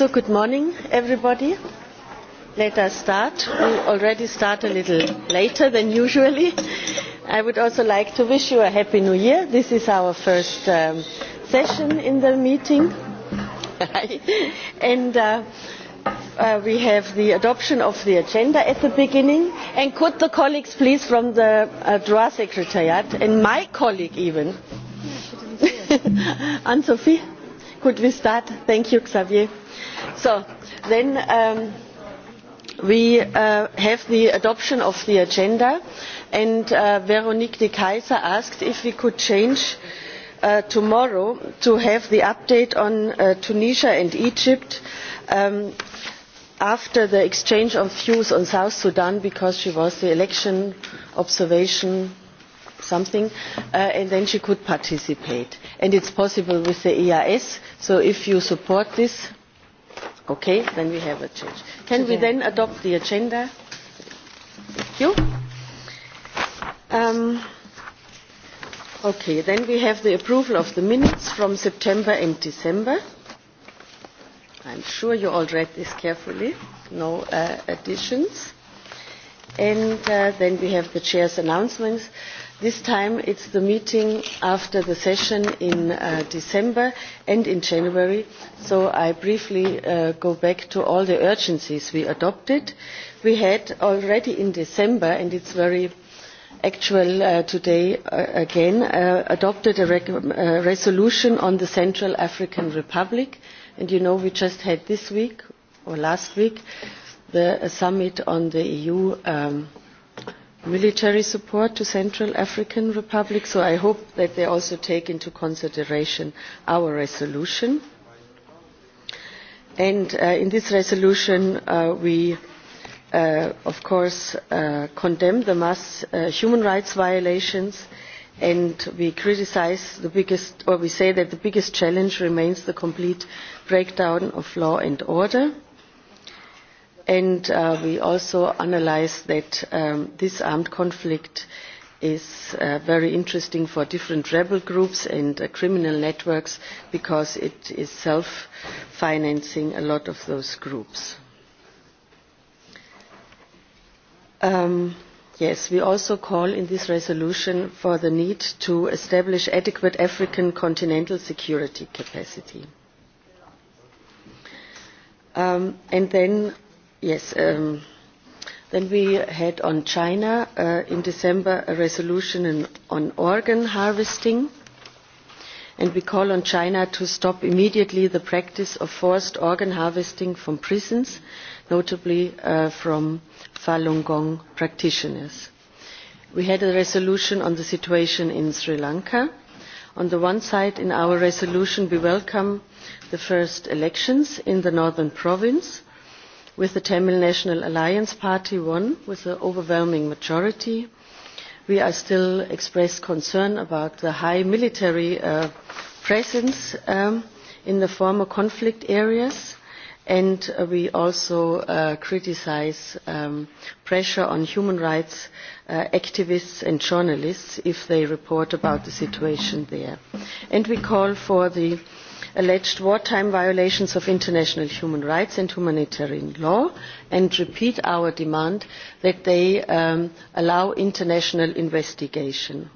So good morning, everybody. Let us start. We already start a little later than usually. I would also like to wish you a happy new year. This is our first um, session in the meeting. and uh, uh, we have the adoption of the agenda at the beginning. And could the colleagues please from the uh, Secretariat, and my colleague even, Anne-Sophie, could we start? Thank you, Xavier so then um, we uh, have the adoption of the agenda and uh, veronique de keyser asked if we could change uh, tomorrow to have the update on tunisia and egypt um, after the exchange of views on south sudan because she was the election observation something and then she could participate and is possible with the eas so if you support this Okay, then we have a change. Can we then adopt the agenda? Thank you. Um, okay, then we have the approval of the minutes from September and December. I'm sure you all read this carefully. No uh, additions. And uh, then we have the chair's announcements this time it is the meeting after the session in uh, december and in january so i briefly uh, go back to all the urgencies we adopted. we had already in december and it is very actual uh, today again adopted a resolution on the central african republic and you know we just had this week or last week the summit on the eu um, military support to Central African Republic, so I hope that they also take into consideration our resolution. And uh, in this resolution uh, we uh, of course condemn the mass human rights violations and we criticise the biggest or we say that the biggest challenge remains the complete breakdown of law and order and uh, we also analyse that um, this armed conflict is uh, very interesting for different rebel groups and uh, criminal networks because it is self financing a lot of those groups. Um, yes we also call in this resolution for the need to establish adequate african continental security capacity. Um, and then Yes. Um, then we had on China uh, in December a resolution on organ harvesting and we call on China to stop immediately the practice of forced organ harvesting from prisons, notably uh, from Falun Gong practitioners. We had a resolution on the situation in Sri Lanka. On the one side, in our resolution we welcome the first elections in the northern province with the Tamil National Alliance Party won with an overwhelming majority. We are still expressed concern about the high military uh, presence um, in the former conflict areas and uh, we also uh, criticise um, pressure on human rights activists and journalists if they report about the situation there. And we call for the alleged wartime violations of international human rights and humanitarian law and repeat our demand that they um, allow international investigation.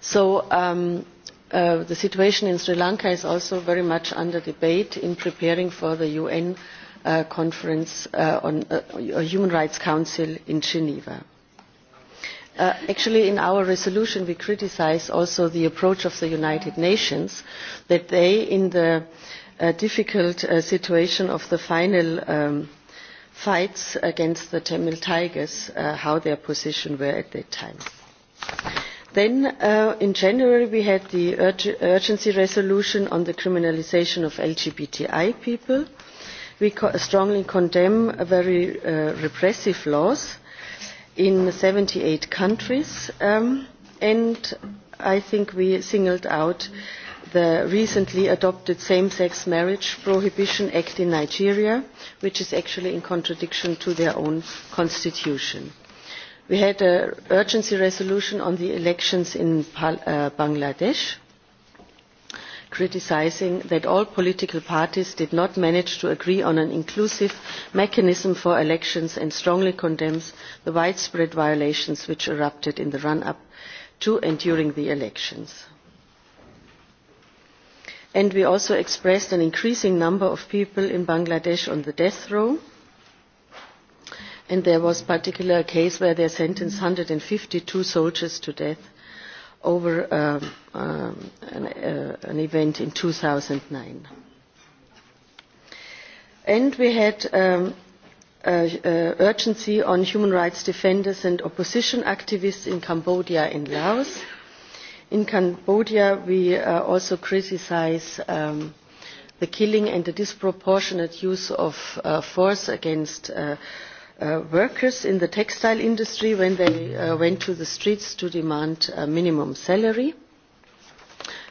So um, uh, the situation in Sri Lanka is also very much under debate in preparing for the UN uh, conference uh, on the Human Rights Council in Geneva. Uh, actually in our resolution we criticise also the approach of the united nations that they in the uh, difficult uh, situation of the final um, fights against the tamil tigers how their position were at that time. then in january we had the urgency resolution on the criminalisation of lgbti people. we strongly condemn very repressive laws in 78 countries um, and I think we singled out the recently adopted same sex marriage prohibition act in Nigeria which is actually in contradiction to their own constitution. We had an urgency resolution on the elections in uh, Bangladesh criticising that all political parties did not manage to agree on an inclusive mechanism for elections and strongly condemns the widespread violations which erupted in the run up to and during the elections. And we also expressed an increasing number of people in Bangladesh on the death row and there was a particular case where they sentenced one hundred and fifty two soldiers to death over um, um, an, uh, an event in 2009. And we had um, urgency on human rights defenders and opposition activists in Cambodia and Laos. In Cambodia, we uh, also criticize the killing and the disproportionate use of uh, force against uh, Uh, workers in the textile industry when they uh, went to the streets to demand a minimum salary.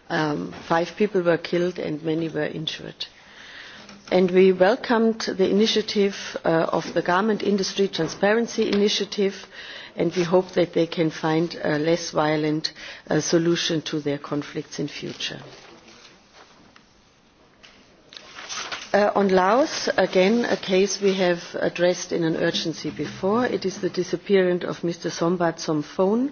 Um, five people were killed and many were injured. And we welcomed the initiative uh, of the Garment Industry Transparency Initiative and we hope that they can find a less violent solution to their conflicts in future. Uh, on Laos, again, a case we have addressed in an urgency before. It is the disappearance of Mr. Sombat Somphone,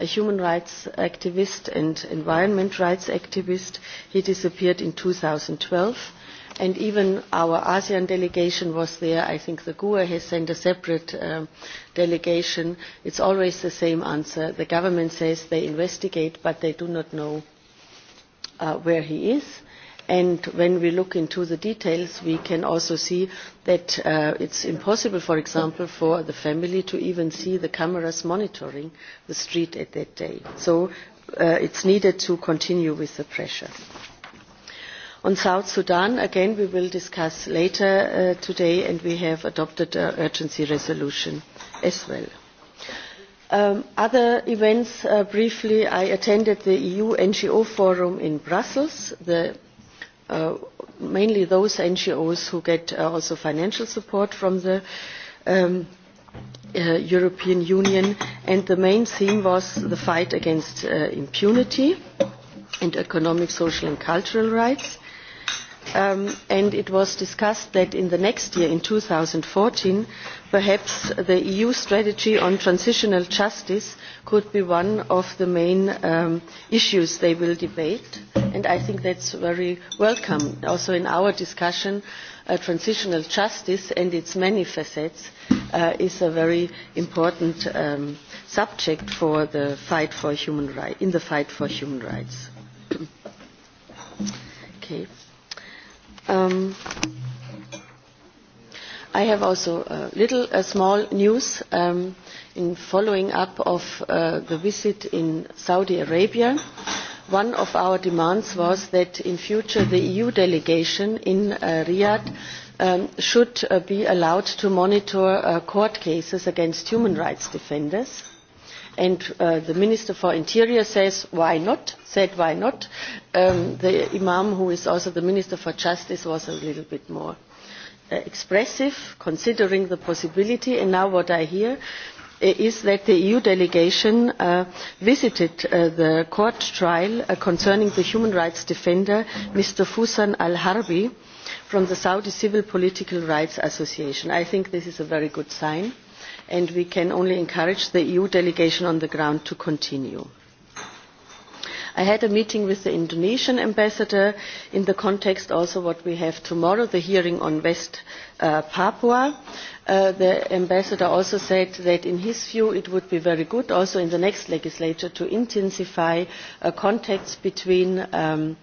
a human rights activist and environment rights activist. He disappeared in 2012, and even our ASEAN delegation was there. I think the GUA has sent a separate delegation. Um, delegation. It's always the same answer. The government says they investigate, but they do not know uh, where he is and when we look into the details we can also see that it uh, it's impossible for example for the family to even see the cameras monitoring the street at that day so it uh, it's needed to continue with the pressure on south sudan again we will discuss later uh, today and we have adopted an urgency resolution as well um, other events briefly i attended the eu ngo forum in brussels the Uh, mainly those ngos who get uh, also financial support from the um, uh, european union and the main theme was the fight against impunity and economic social and cultural rights Um, and it was discussed that in the next year in two fourteen perhaps the eu strategy on transitional justice could be one of the main um, issues they will debate and i think that is very welcome. also in our discussion uh, transitional justice and its many facets uh, is a very important um, subject for the fight for human rights in the fight for human rights. Um, i have also a little small news um, in following up of uh, the visit in Saudi Arabia. One of our demands was that in future the EU delegation in uh, Riyadh um, should uh, be allowed to monitor court cases against human rights defenders and uh, the minister for interior says why not said why not um, the imam who is also the minister for justice was a little bit more uh, expressive considering the possibility and now what i hear uh, is that the eu delegation uh, visited the court trial concerning the human rights defender mr fusan al harbi from the saudi civil political rights association i think this is a very good sign and we can only encourage the eu delegation on the ground to continue. i had a meeting with the indonesian ambassador in the context also of what we have tomorrow the hearing on west uh, papua. Uh, the ambassador also said that in his view it would be very good also in the next legislature to intensify uh, contacts between um,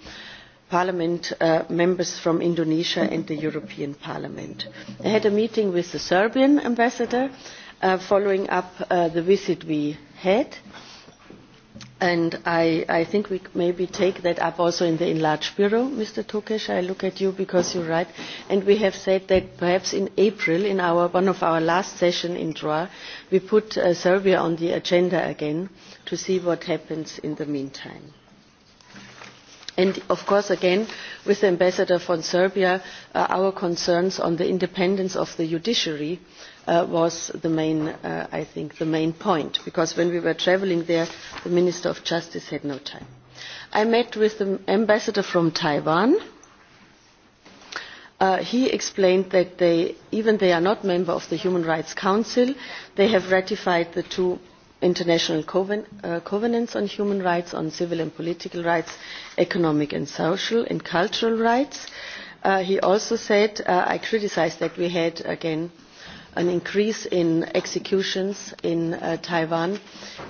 parliament members from indonesia and the european parliament. i had a meeting with the serbian ambassador Uh, following up uh, the visit we had and I, I think we maybe take that up also in the enlarged bureau, Mr. Tokesh. I look at you because are right. And we have said that perhaps in April, in our, one of our last sessions in Droit, we put uh, Serbia on the agenda again to see what happens in the meantime. And of course, again, with the ambassador from Serbia, our concerns on the independence of the judiciary Uh, was the main uh, i think the main point because when we were travelling there the minister of justice had no time i met with the ambassador from taiwan uh, he explained that they, even they are not a member of the human rights council they have ratified the two international covenants on human rights on civil and political rights economic and social and cultural rights. he also said i criticised that we had again an increase in executions in uh, Taiwan.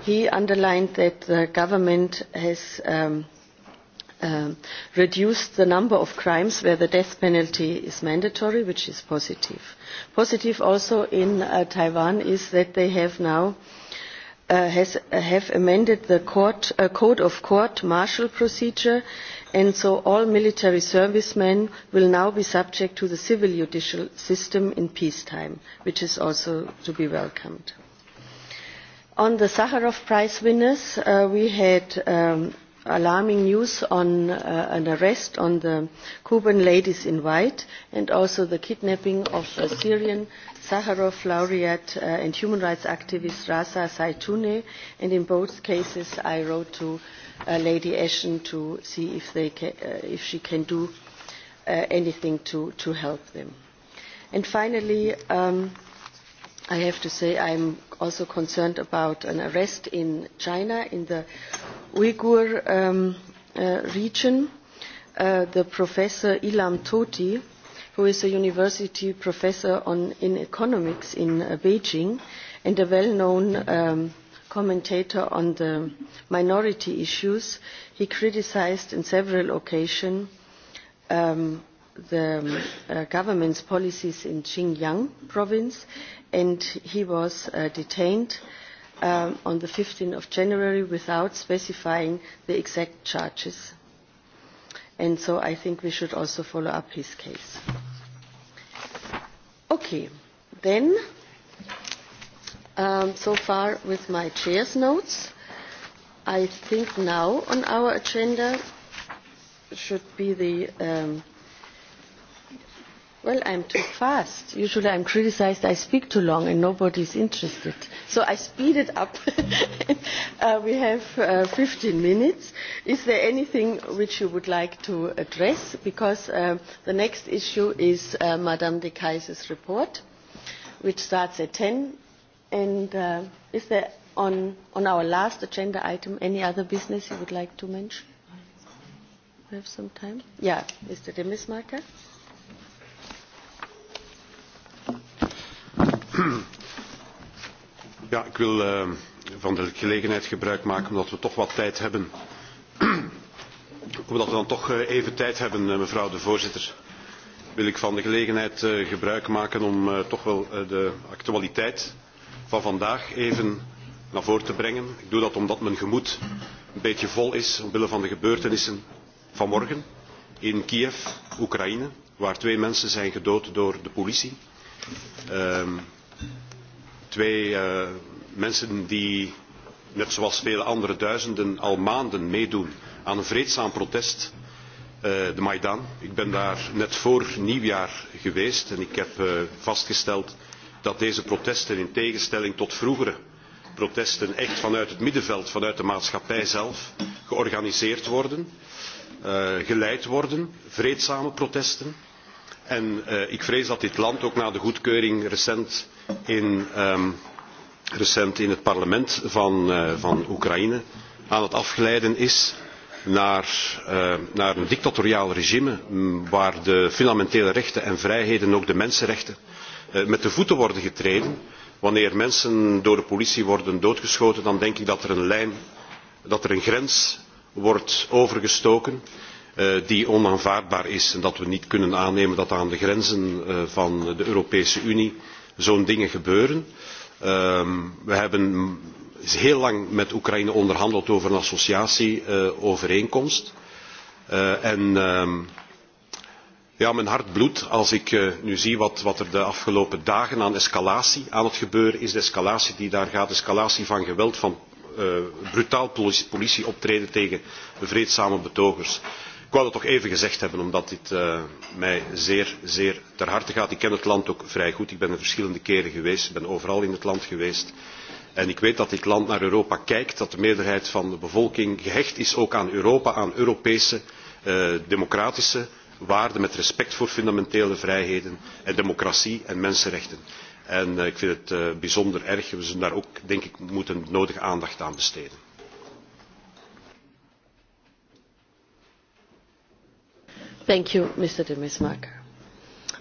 He underlined that the government has um, um, reduced the number of crimes where the death penalty is mandatory, which is positive. Positive also in uh, Taiwan is that they have now uh, have amended the court, Code of Court Martial Procedure and so all military servicemen will now be subject to the civil judicial system in peacetime which is also to be welcomed. on the sakharov prize winners uh, we had um, alarming news on uh, an arrest on the cuban ladies in white and also the kidnapping of a syrian sakharov laureate uh, and human rights activist rasa zaitouneh and in both cases i wrote to Uh, Lady Ashton to see if, they uh, if she can do uh, anything to, to help them. And finally, um, I have to say I am also concerned about an arrest in China in the Uyghur um, region. the professor Ilham Toti, who is a university professor on, in economics in Beijing and a well known um, commentator on the minority issues he criticised on several occasions um, the um, uh, government's policies in xinjiang province and he was uh, detained um, on the 15th of january without specifying the exact charges and so i think we should also follow up his case. okay then um, so far with my chair's notes. I think now on our agenda should be the um, well I'm too fast. Usually I'm criticized I speak too long and nobody is interested. So I speed it up. uh, we have uh, 15 minutes. Is there anything which you would like to address? Because uh, the next issue is uh, Madame de Kaiser's report, which starts at 10 And uh, is there on, on our last agenda item any other business you would like to mention? We have some time. Yeah, Mr. Demismarker. Ja, ik wil uh, van de gelegenheid gebruik maken omdat we toch wat tijd hebben. omdat we dan toch uh, even tijd hebben, eh, mevrouw de voorzitter wil ik van de gelegenheid eh, gebruik maken om toch wel de actualiteit van vandaag even naar voren te brengen. Ik doe dat omdat mijn gemoed een beetje vol is omwille van de gebeurtenissen van morgen in Kiev, Oekraïne, waar twee mensen zijn gedood door de politie. Ehm, twee eh, mensen die, net zoals vele andere duizenden, al maanden meedoen aan een vreedzaam protest eh, de Maidan. Ik ben daar net voor nieuwjaar geweest en ik heb eh, vastgesteld dat deze protesten in tegenstelling tot vroegere protesten echt vanuit het middenveld vanuit de maatschappij zelf georganiseerd worden eh, geleid worden vreedzame protesten en eh, ik vrees dat dit land ook na de goedkeuring recent in, ehm, recent in het parlement van, eh, oekraïne aan het afgeleiden is naar een dictatoriaal regime waar de fundamentele rechten en vrijheden ook de mensenrechten Eh, met de voeten worden getreden. Wanneer mensen door de politie worden doodgeschoten, dan denk ik dat er een lijn, dat er een grens wordt overgestoken eh, die onaanvaardbaar is en dat we niet kunnen aannemen dat aan de grenzen eh, van de Europese Unie zo'n dingen gebeuren. Ehm, we hebben heel lang met Oekraïne onderhandeld over een associatieovereenkomst en ehm, ja, mijn hart bloed, als ik eh, nu zie wat, er de afgelopen dagen aan escalatie aan het gebeuren is. De escalatie die daar gaat, de escalatie van geweld, van eh, brutaal brutaal politieoptreden tegen vreedzame betogers. Ik wou dat toch even gezegd hebben, omdat dit eh, mij zeer, zeer ter harte gaat. Ik ken het land ook vrij goed. Ik ben er verschillende keren geweest. Ik ben overal in het land geweest. En ik weet dat dit land naar Europa kijkt, dat de meerderheid van de bevolking gehecht is ook aan Europa, aan Europese, democratische waarden met respect voor fundamentele vrijheden en democratie en mensenrechten. Eh, ik vind het eh, bijzonder erg. We zullen daar ook, denk moeten nodige aandacht aan besteden. Thank you, Mr.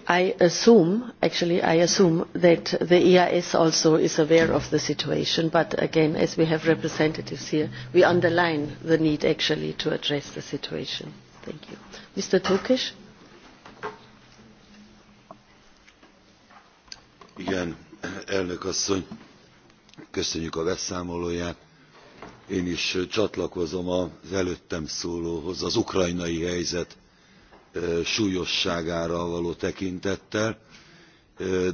I assume, actually I assume that the EIS also is aware of the situation, but again, as we have representatives here, we underline the need actually to address the situation. Thank Igen, elnök asszony, köszönjük a beszámolóját. Én is csatlakozom az előttem szólóhoz az ukrajnai helyzet súlyosságára való tekintettel,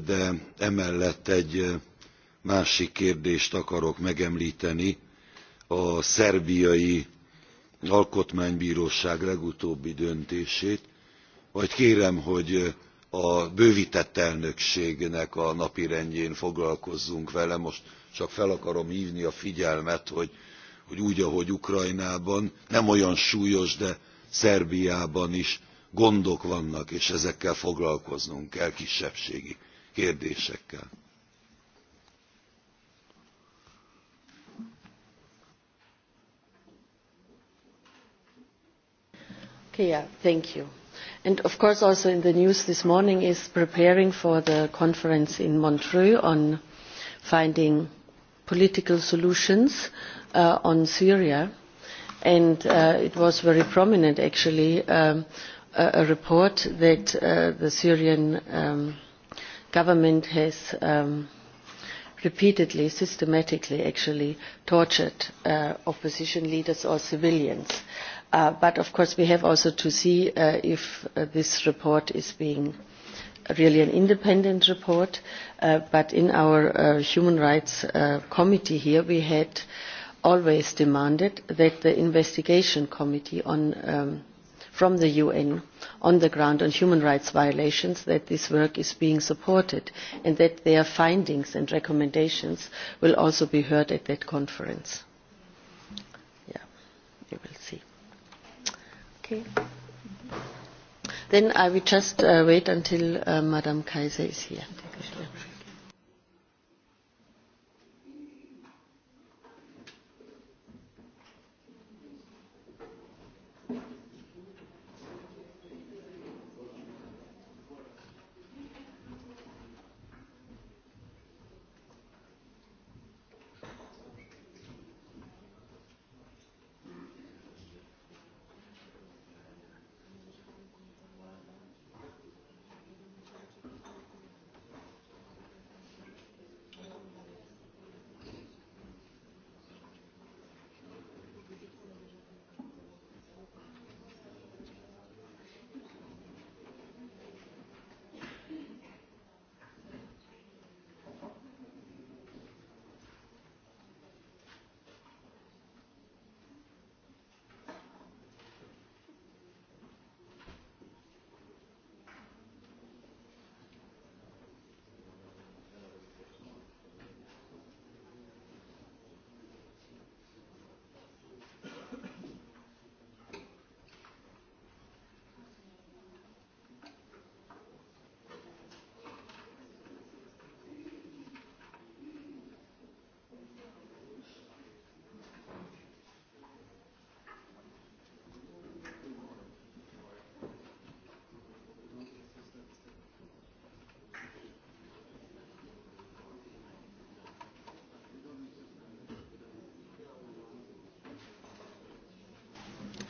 de emellett egy másik kérdést akarok megemlíteni, a szerbiai alkotmánybróság legutóbbi döntését majd kérem hogy a bővtett elnökségnek a napirendjén foglalkozzunk vele most csak fel akarom hvni a figyelmet hogy úgy ahogy ukrajnában nem olyan súlyos de szerbiában is gondok vannak és ezekkel foglalkoznunk kell kisebbségi kérdésekkel. thank you. And of course also in the news this morning is preparing for the conference in Montreux on finding political solutions uh, on Syria. And uh, it was very prominent actually um, a, report that uh, the Syrian um, government has um, repeatedly, systematically actually tortured opposition leaders or civilians Uh, but of course we have also to see uh, if uh, this report is being really an independent report but in our human rights committee here we had always demanded that the investigation committee on, um, from the un on the ground on human rights violations that this work is being supported and that their findings and recommendations will also be heard at that conference. Yeah, we will see. Okay. Then I will just uh, wait until uh, Madam Kaiser is here. Okay.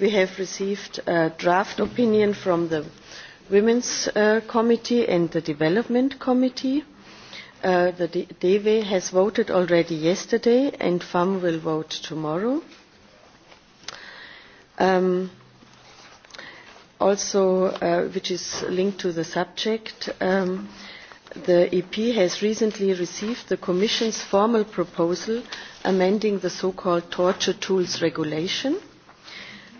we have received a draft opinion from the Women's uh, Committee and the Development Committee. Uh, the deve has voted already yesterday and FAM will vote tomorrow. Um, also, uh, which is linked to the subject, um, the EP has recently received the Commission's formal proposal amending the so-called torture tools regulation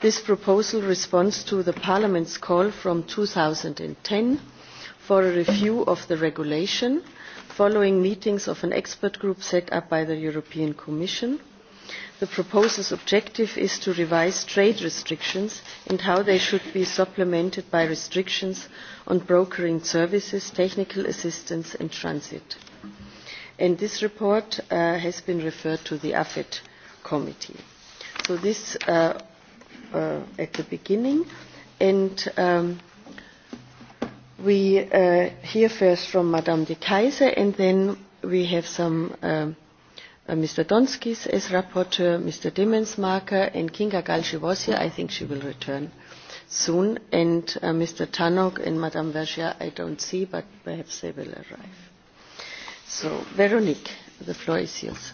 this proposal responds to parliament's call from two ten for a review of the regulation following meetings of an expert group set up by the european commission. the proposal's objective is to revise trade restrictions and how they should be supplemented by restrictions on brokering services technical assistance and transit. this report uh, has been referred to the afet committee. so this uh, uh, at the beginning. And um, we uh, hear first from Madame de Kaiser and then we have some um, uh, Mr. Donskis as rapporteur, Mr. Demensmarker and Kinga Gal. I think she will return soon. And uh, Mr. Tanok and Madame Vergia I don't see, but perhaps they will arrive. So, Veronique, the floor is yours.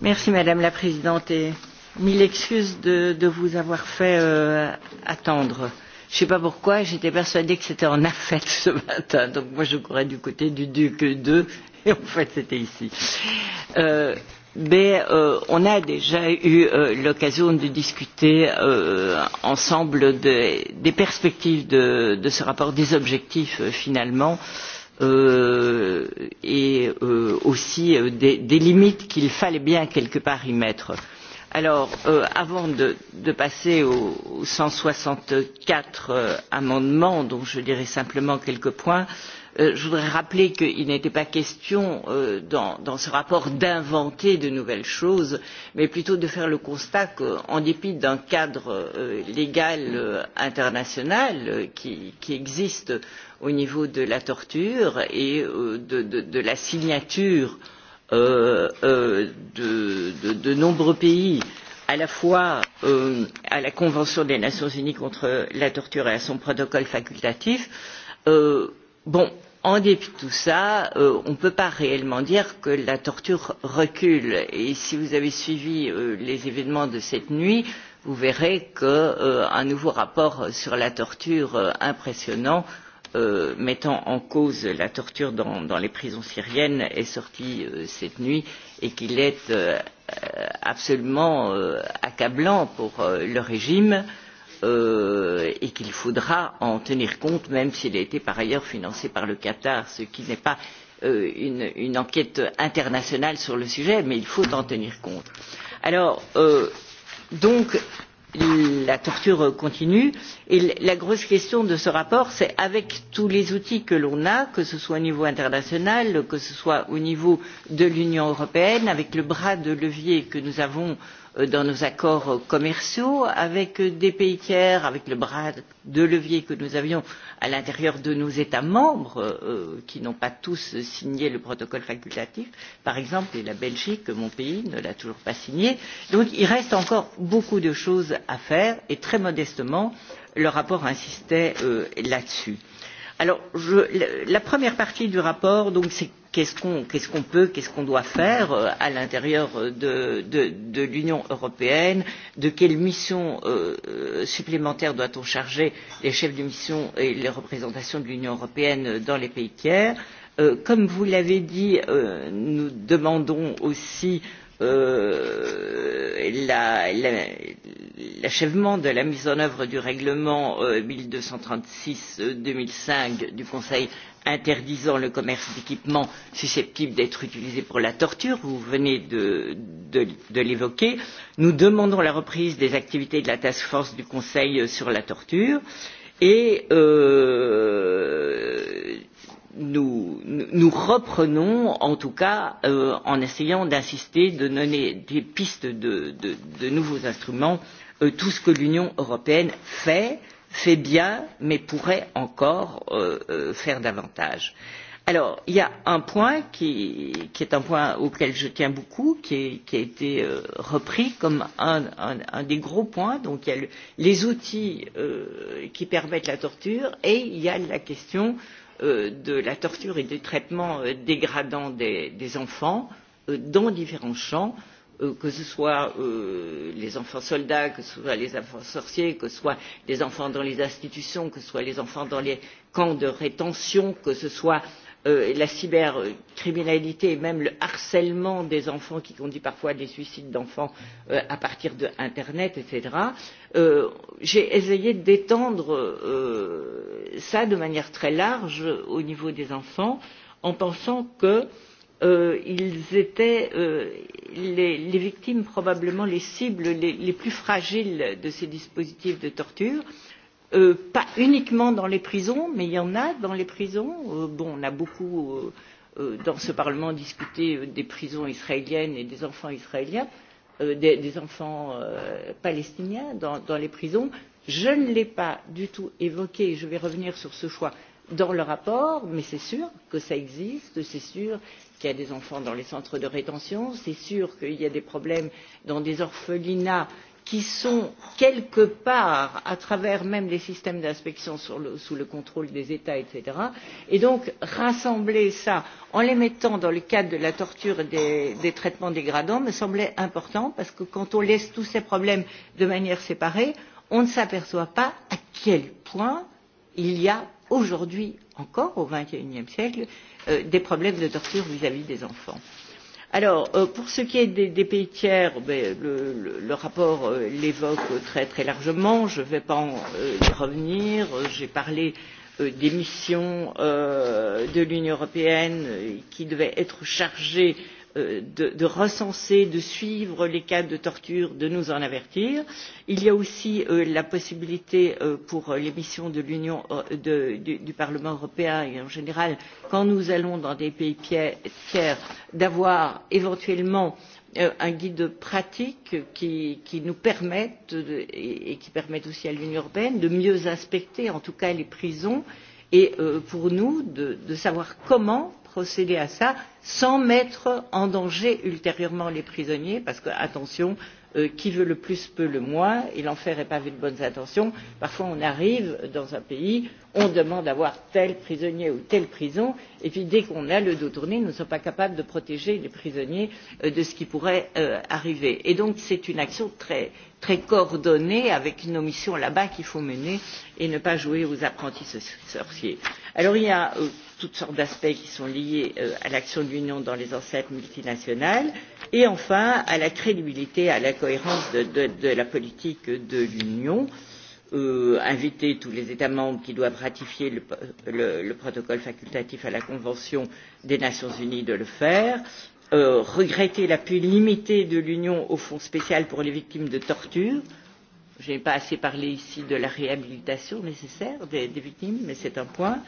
Merci Madame la Présidente mille excuses de, de vous avoir fait euh, attendre. Je ne sais pas pourquoi, j'étais persuadée que c'était en affaire ce matin, donc moi je courais du côté du Duc 2 et en fait c'était ici. Euh, mais euh, on a déjà eu euh, l'occasion de discuter euh, ensemble des, des perspectives de, de ce rapport, des objectifs euh, finalement. Euh, et euh, aussi des, des limites qu'il fallait bien quelque part y mettre. Alors, euh, avant de, passer aux cent soixante quatre euh, amendements dont je dirai simplement quelques points euh, je voudrais rappeler qu'il n'était pas question dans, ce rapport d'inventer de nouvelles choses mais plutôt de faire le constat qu'en dépit d'un cadre légal international qui, existe au niveau de la torture et de, de la signature Euh, euh, de, de, de nombreux pays à la fois euh, à la convention des nations unies contre la torture et à son protocole facultatif bon en dépit de tout cela on ne peut pas réellement dire que la torture recule et si vous avez suivi les événements de cette nuit vous verrez qu'un nouveau rapport sur la torture impressionnant Euh, mettant en cause la torture dans, les prisons syriennes est sorti euh, cette nuit et qu'il est euh, absolument accablant pour le régime et qu'il faudra en tenir compte même s'il a été par ailleurs financé par le qatar ce qui n'est pas une, une enquête internationale sur le sujet mais il faut en tenir compte. alors donc la torture continue et la grosse question de ce rapport c'est avec tous les outils que l'on a que ce soit au niveau international que ce soit au niveau de l'union européenne avec le bras de levier que nous avons dans nos accords commerciaux avec des pays tiers avec le bras de levier que nous avions à l'intérieur de nos états membres euh, qui n'ont pas tous signé le protocole facultatif par exemple et la belgique mon pays ne l'a toujours pas signé. donc il reste encore beaucoup de choses à faire et très modestement le rapport insistait euh, là dessus. Alors, je, la première partie du rapport c'est qu'est-ce qu'on qu qu peut, qu'est-ce qu'on doit faire euh, à l'intérieur de, de, de l'Union européenne, de quelles missions euh, euh supplémentaires doit-on charger les chefs de mission et les représentations de l'Union européenne dans les pays tiers. Euh, comme vous l'avez dit, euh, nous demandons aussi l'achèvement euh, la, la, de la mise en œuvre du règlement euh, mille deux cent trente six euh, deux mille cinq du conseil interdisant le commerce d'équipements susceptibles d'être utilisés pour la torture vous venez de, de, de l'évoquer nous demandons la reprise des activités de la task force du conseil sur la torture et euh, nous, nous reprenons en tout cas euh, en essayant d'insister de donner des pistes de, de, de nouveaux instruments euh, tout ce que l'union européenne fait fait bien mais pourrait encore euh, faire davantage. alors il y a un point qui, qui est un point auquel je tiens beaucoup qui, qui a été repris comme un, un, des gros points donc il y a les outils qui permettent la torture et il y a la question Euh, de la torture et du traitement euh, dégradant des, enfants euh, dans différents champs que ce soit les enfants soldats que ce soit les enfants sorciers que ce soit les enfants dans les institutions que ce soit les enfants dans les camps de rétention que ce soit Euh, la cybercriminalité et même le harcèlement des enfants qui conduit parfois à des suicides d'enfants euh, à partir d'internet etc. Euh, j'ai essayé d'étendre cela de manière très large au niveau des enfants en pensant que ils étaient les, victimes probablement les cibles les, les plus fragiles de ces dispositifs de torture Euh, pas uniquement dans les prisons mais il y en a dans les prisons euh, bon on a beaucoup euh, dans ce parlement discuté des prisons israéliennes et des enfants israéliens des, des enfants palestiniens dans, dans les prisons je ne l'ai pas du tout évoqué et je vais revenir sur ce choix dans le rapport mais c'est sûr que ça existe c'est sûr qu'il y a des enfants dans les centres de rétention c'est sûr qu'il y a des problèmes dans des orphelinats qui sont quelque part à travers même les systèmes d'inspection sous le contrôle des états etc. et donc rassembler cela en les mettant dans le cadre de la torture et des, traitements dégradants me semblait important parce que quand on laisse tous ces problèmes de manière séparée on ne s'aperçoit pas à quel point il y a aujourd'hui encore au xxie siècle euh, des problèmes de torture vis à vis des enfants. Alors, euh, pour ce qui est des, pays tiers, le, rapport euh, l'évoque très très largement, je ne vais pas euh, y revenir, j'ai parlé des missions de l'Union européenne qui devaient être chargées Euh, de, recenser de suivre les cas de torture de nous en avertir. il y a aussi euh, la possibilité euh, pour les missions de l'union du, parlement européen et en général quand nous allons dans des pays tiers d'avoir éventuellement un guide pratique qui, nous permette et qui permette aussi à l'union européenne de mieux inspecter en tout cas les prisons et pour nous de savoir comment procéder à cela sans mettre en danger ultérieurement les prisonniers parce que attention euh, qui veut le plus peut le moins et l'enfer est pavé de bonnes intentions parfois on arrive dans un pays on demande à voir tel prisonnier ou telle prison et puis dès qu'on a le dos tourné nous ne sommes pas capables de protéger les prisonniers euh, de ce qui pourrait euh, arriver. et donc c'est une action très, très coordonnée avec nos missions là bas qu'il faut mener et ne pas jouer aux apprentis sorciers. alors il y a toutes sortes d'aspects qui sont liés euh, à l'action de l'union dans les enceintes multinationales et enfin à la crédibilité et à la cohérence de, la politique de l'union euh, inviter tous les états membres qui doivent ratifier le, protocole facultatif à la convention des nations unies de le faire euh, regretter l'appui limité de l'union au fonds spécial pour les victimes de tortures je n'ai pas assez parlé ici de la réhabilitation nécessaire des, victimes mais c'est un point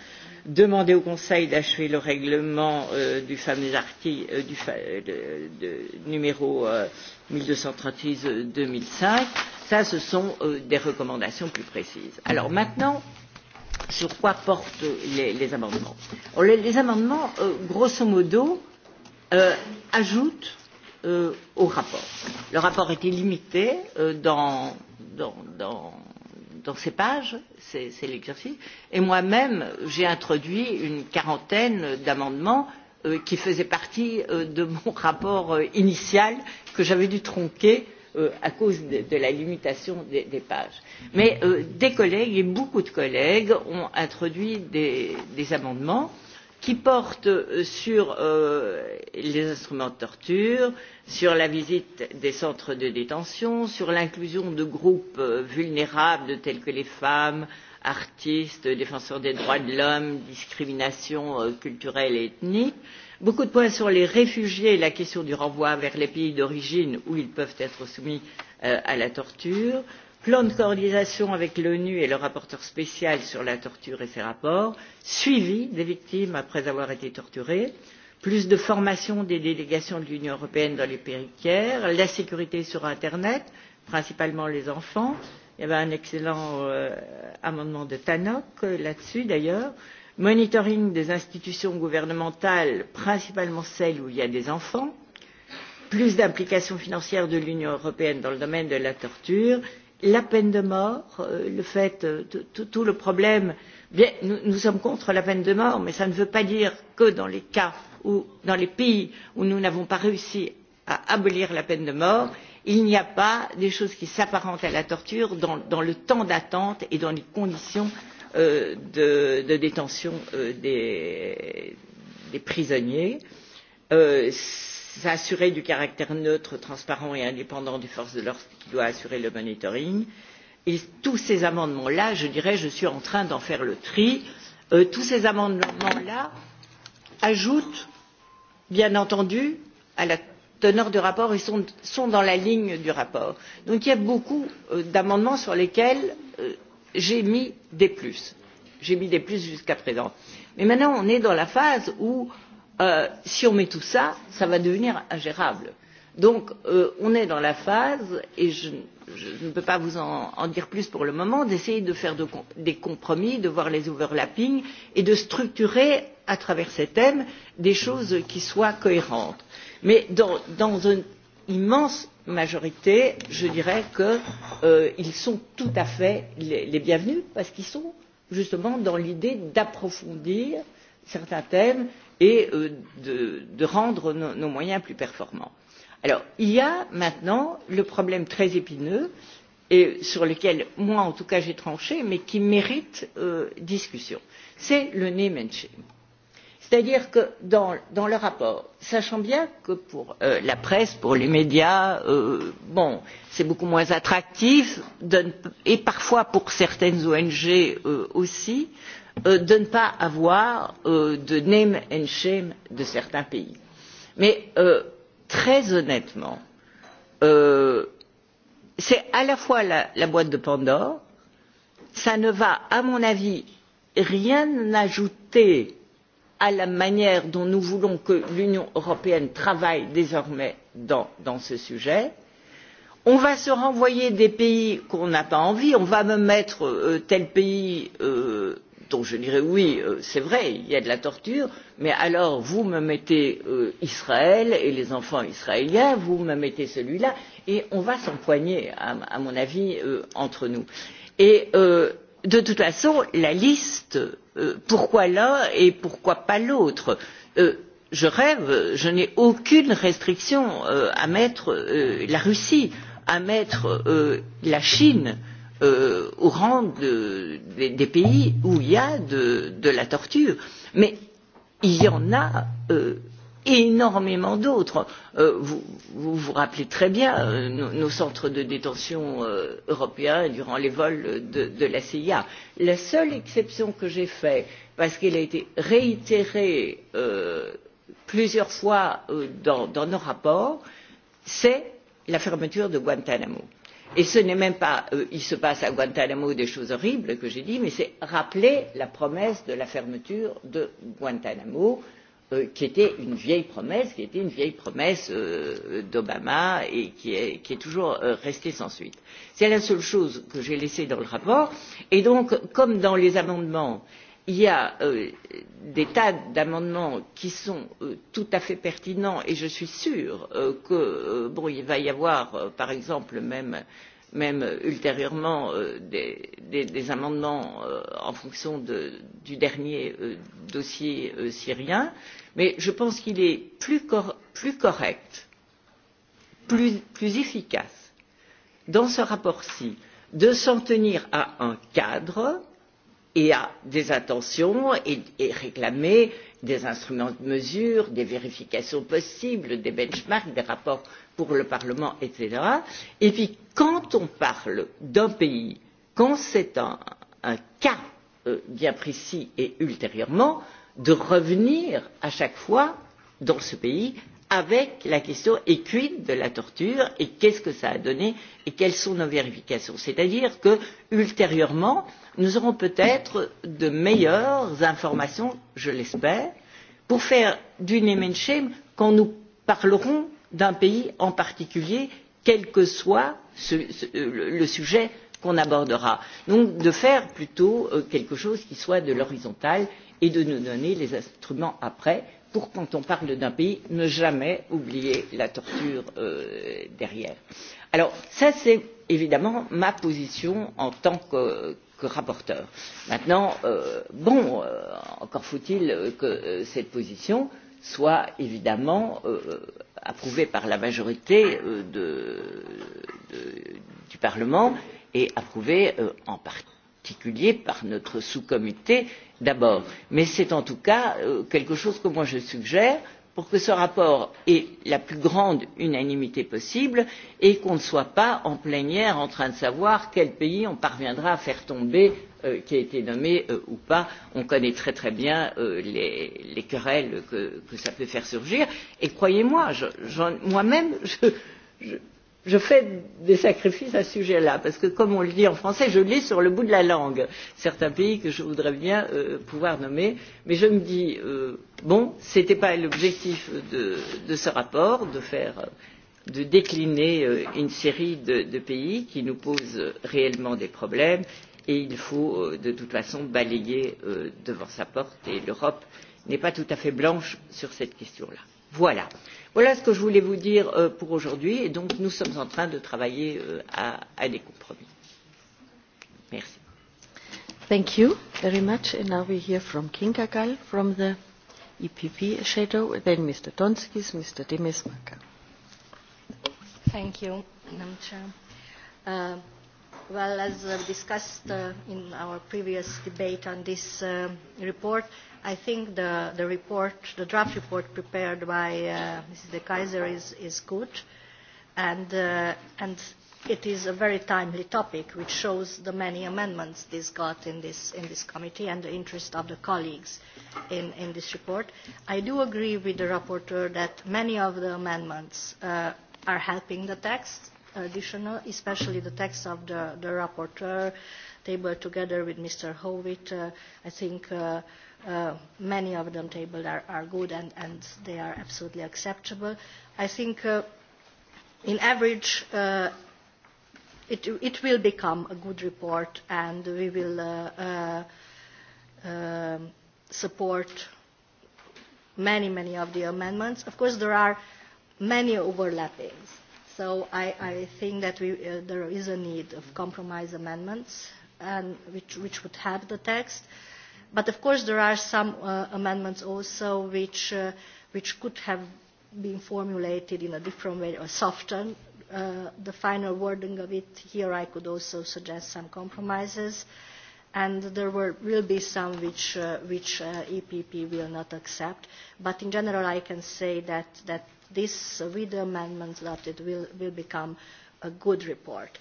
demander au conseil d'achever le règlement euh, du fameux article euh, du euh, de, numéro mille deux cent trente deux mille cinq ça ce sont des recommandations plus précises. alors maintenant sur quoi portent les, les amendements? les, les amendements grosso modo ajoutent au rapport. le rapport était limité dans dans, ces pages, c'est l'exercice, et moi même j'ai introduit une quarantaine d'amendements euh, qui faisaient partie euh, de mon rapport euh, initial que j'avais dû tronquer à cause de, la limitation des, des pages. Mais des collègues et beaucoup de collègues ont introduit des, des amendements qui porte euh, sur euh, les instruments de torture sur la visite des centres de détention sur l'inclusion de groupes euh, vulnérables tels que les femmes artistes défenseurs des droits de l'homme discrimination culturelle et ethnique beaucoup de points sur les réfugiés et la question du renvoi vers les pays d'origine où ils peuvent être soumis à la torture plan de coordination avec l'onu et le rapporteur spécial sur la torture et ses rapports suivi des victimes après avoir été torturées plus de formation des délégations de l'union européenne dans les pays tiers la sécurité sur internet principalement les enfants il y avait un excellent euh, amendement de tannock euh, là dessus d'ailleurs monitoring des institutions gouvernementales principalement celles où il y a des enfants plus d'implication financière de l'union européenne dans le domaine de la torture la peine de mort, euh, le fait, euh, tout, le problème, bien, nous, sommes contre la peine de mort, mais cela ne veut pas dire que dans les cas ou dans les pays où nous n'avons pas réussi à abolir la peine de mort, il n'y a pas des choses qui s'apparentent à la torture dans, dans le temps d'attente et dans les conditions euh, de, de détention des, des prisonniers s'assurer du caractère neutre transparent et indépendant des forces de l'ordre qui doit assurer le monitoring et tous ces amendements là je dirais je suis en train d'en faire le tri euh, tous ces amendements là ajoutent bien entendu à la teneur du rapport et sont, sont dans la ligne du rapport. donc il y a beaucoup euh, d'amendements sur lesquels euh, j'ai mis des plus j'ai mis des plus jusqu'à présent. mais maintenant on est dans la phase où Euh, si on met tout cela ça va devenir ingérable. donc euh, on est dans la phase et je, ne peux pas vous en, dire plus pour le moment d'essayer de faire des compromis de voir les overlappings et de structurer à travers ces thèmes des choses qui soient cohérentes. mais dans, dans une immense majorité je dirais qu'ils euh, sont tout à fait les bienvenus parce qu'ils sont justement dans l'idée d'approfondir certains thèmes et euh, de, de rendre nos, moyens plus performants. Alors, il y a maintenant le problème très épineux et sur lequel moi en tout cas j'ai tranché mais qui mérite euh, discussion c'est le name and shame. c'est à dire que dans, dans le rapport sachant bien que pour euh, la presse pour les médias bon, c'est beaucoup moins attractif et parfois pour certaines ong aussi Euh, de ne pas avoir euh, de name and shame de certains pays. mais euh, très honnêtement c'est à la fois la, boîte de pandore ça ne va à mon avis rien ajouter à la manière dont nous voulons que l'union européenne travaille désormais dans, ce sujet. on va se renvoyer des pays qu'on n'a pas envie on va me mettre tel pays dont je dirais oui euh, c'est vrai il y a de la torture mais alors vous me mettez euh, israël et les enfants israéliens vous me mettez celui là et on va s'empoigner à, mon avis euh, entre nous. et de toute façon la liste pourquoi l'un et pourquoi pas l'autre? je rêve je n'ai aucune restriction à mettre la russie à mettre la chine euh, au rang de, des, des pays où il y a de, de la torture. Mais il y en a euh, énormément d'autres. Euh, vous, vous vous rappelez très bien euh, nos, nos centres de détention euh, européens durant les vols de, de la CIA. La seule exception que j'ai faite, parce qu'elle a été réitérée euh, plusieurs fois dans, dans nos rapports, c'est la fermeture de Guantanamo et ce n'est même pas euh, il se passe à guantnamo des choses horribles que j'ai dit mais c'est rappeler la promesse de la fermeture de guantnamo euh, qui était une vieille promesse qui était une vieille promesse euh, d'obama et qui est, qui est toujours restée sans suite. c'est la seule chose que j'ai laissée dans le rapport et donc comme dans les amendements il y a euh, des tas d'amendements qui sont euh, tout à fait pertinents et je suis sûre euh, qu'il va y avoir par exemple même, ultérieurement des, amendements en fonction du dernier dossier syrien mais je pense qu'il est plus, correct plus, plus efficace dans ce rapport ci de s'en tenir à un cadre et à des intentions et, et réclamer des instruments de mesure, des vérifications possibles, des benchmarks, des rapports pour le Parlement, etc. Et puis, quand on parle d'un pays, quand c'est un, cas euh, bien précis et ultérieurement, de revenir à chaque fois dans ce pays avec la question et de la torture et qu'est ce que cela a donné et quelles sont nos vérifications? c'est à dire que ultérieurement nous aurons peut être de meilleures informations je l'espère pour faire du name and shame quand nous parlerons d'un pays en particulier quel que soit ce, le sujet qu'on abordera. donc de faire plutôt euh, quelque chose qui soit de l'horizontale et de nous donner les instruments après pour quand on parle d'un pays ne jamais oublier la torture euh, derrière. alors ça c'est évidemment ma position en tant que, rapporteur. maintenant euh, bon euh, encore faut il que cette position soit évidemment approuvée par la majorité du parlement et approuvée en partie particulier par notre sous comité d'abord mais c'est en tout cas euh, quelque chose que moi je suggère pour que ce rapport ait la plus grande unanimité possible et qu'on ne soit pas en plénière en train de savoir quel pays on parviendra à faire tomber euh, qui a été nommé euh, ou pas. on connaît très très bien les, querelles que, que ça peut faire surgir et croyez moi moi même je je fais des sacrifices à ce sujet là parce que comme on le dit en français je lis sur le bout de la langue certains pays que je voudrais bien euh, pouvoir nommer mais je me dis euh, bon ce n'était pas l'objectif de, de ce rapport de faire de décliner euh, une série de, de pays qui nous posent réellement des problèmes et il faut euh, de toute façon balayer euh, devant sa porte et l'europe n'est pas tout à fait blanche sur cette question là. Voilà. Voilà ce que je voulais vous dire euh, pour aujourd'hui et donc nous sommes en train de travailler euh, à, des compromis. Merci well as uh, discussed uh, in our previous debate on this uh, report, I think the, the report, the draft report prepared by uh, Mrs. De Kaiser is, is good, and, uh, and it is a very timely topic, which shows the many amendments this got in this, in this committee and the interest of the colleagues in, in this report. I do agree with the rapporteur that many of the amendments uh, are helping the text additional, especially the text of the, the rapporteur tabled together with Mr. Howitt. Uh, I think uh, uh, many of them tabled are, good and, and they are absolutely acceptable. I think in average it, will become a good report and we will uh, um, support many, many of the amendments. Of course, there are many overlappings So I, I think that uh, there is a need of compromise amendments and which, which would have the text. But of course there are some uh, amendments also which, uh, which could have been formulated in a different way or softened. the final wording of it here I could also suggest some compromises and there will be some which, uh, which EPP will not accept. But in general I can say that, that this with the amendments that it will, will become a good report.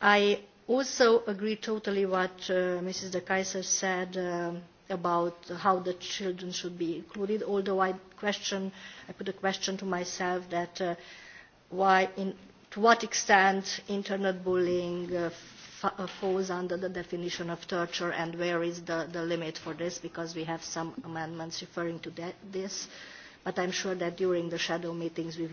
I also agree totally what uh, Mrs. De Keyser said uh, about how the children should be included, although I question, I put a question to myself that uh, why, in, to what extent internet bullying falls under the definition of torture and where is the, the limit for this because we have some amendments referring to this but I'm sure that during the shadow meetings we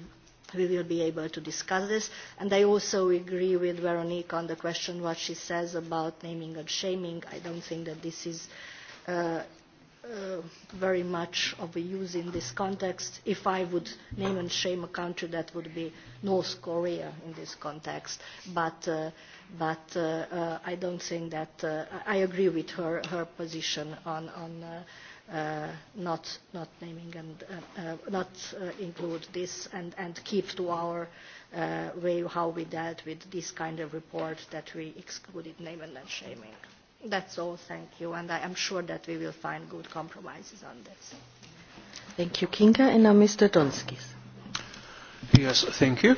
we will be able to discuss this. And I also agree with Veronique on the question what she says about naming and shaming. I don't think that this is uh, uh, very much of a use in this context. If I would name and shame a country, that would be North Korea in this context. But, uh, but I don't think that I agree with her, her position on, on Uh, not not naming and uh, uh, not uh, include this and and keep to our uh, way how we dealt with this kind of report that we excluded name and shaming. That's all. Thank you, and I am sure that we will find good compromises on this. Thank you, Kinga, and now Mr. Donskis. Yes, thank you.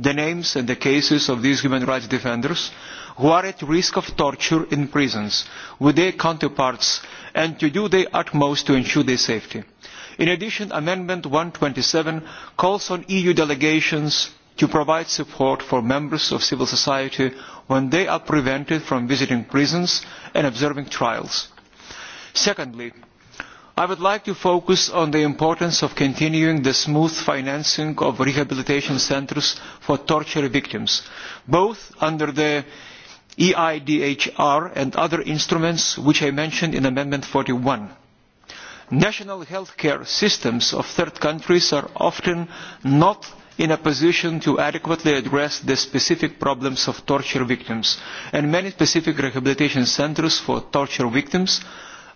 the names and the cases of these human rights defenders who are at risk of torture in prisons with their counterparts and to do their utmost to ensure their safety. In addition, Amendment 127 calls on EU delegations to provide support for members of civil society when they are prevented from visiting prisons and observing trials. Secondly, i would like to focus on the importance of continuing the smooth financing of rehabilitation centres for torture victims both under the eidhr and other instruments which i mentioned in amendment forty one national healthcare systems of third countries are often not in a position to adequately address the specific problems of torture victims and many specific rehabilitation centres for torture victims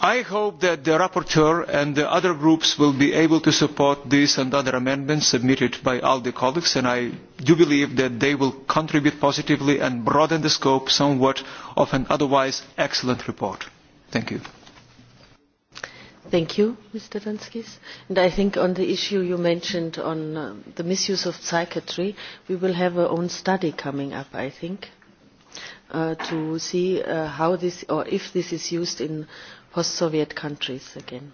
i hope that the rapporteur and the other groups will be able to support these and other amendments submitted by all the colleagues and i do believe that they will contribute positively and broaden the scope somewhat of an otherwise excellent report. thank you. thank you mr donskis and i think on the issue you mentioned on uh, the misuse of psychiatry we will have our own study coming up i think uh, to see uh, how this or if this is used in post-Soviet countries again.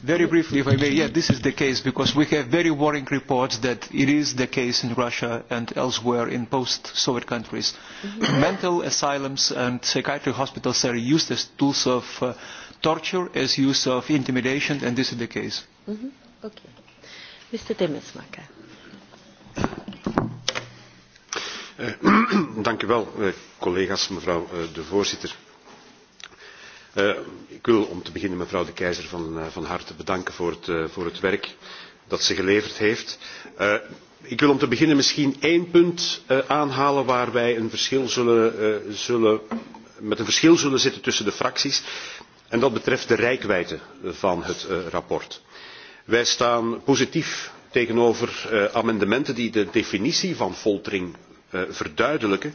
Very briefly, if I may, yeah, this is the case because we have very worrying reports that it is the case in Russia and elsewhere in post-Soviet countries. Mm-hmm. Mental asylums and psychiatric hospitals are used as tools of uh, torture, as use of intimidation, and this is the case. Mm -hmm. Okay. Mr. Demesmaker. Eh, dank u wel, eh, collega's, mevrouw eh, de voorzitter Eh, ik wil om te beginnen mevrouw de Keizer van, eh, van harte bedanken voor het, eh, voor het werk dat ze geleverd heeft. ik wil om te beginnen misschien één punt aanhalen waar wij een verschil zullen, zullen, met een verschil zullen zitten tussen de fracties en dat betreft de reikwijdte van het verslag. wij staan positief tegenover amendementen die de definitie van foltering verduidelijken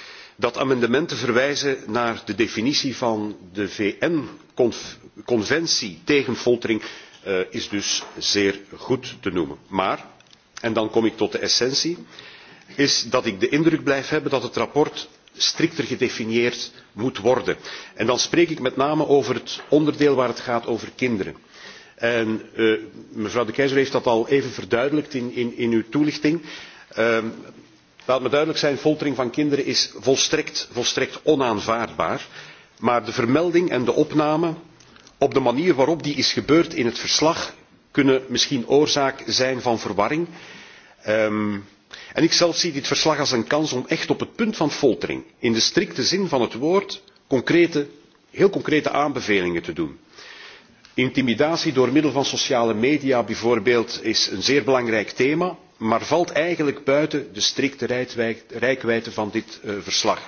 dat amendementen verwijzen naar de definitie van de vn conventie tegen foltering eh, is dus zeer goed te noemen. maar en dan kom ik tot de essentie is dat ik de indruk blijf hebben dat het verslag strikter gedefinieerd moet worden. en dan spreek ik met name over het onderdeel waar het gaat over kinderen. En, eh, mevrouw de keyser heeft dat al even verduidelijkt in, uw toelichting. Ehm, laat me duidelijk zijn foltering van kinderen is volstrekt onaanvaardbaar maar de vermelding en de opname op de manier waarop die is gebeurd in het verslag kunnen misschien oorzaak zijn van verwarring ehm, en ikzelf zie dit verslag als een kans om echt op het punt van foltering in de strikte zin van het woord heel concrete aanbevelingen te doen intimidatie door middel van sociale media bijvoorbeeld is een zeer belangrijk thema maar valt eigenlijk buiten de strikte reikwijdte van dit eh, verslag.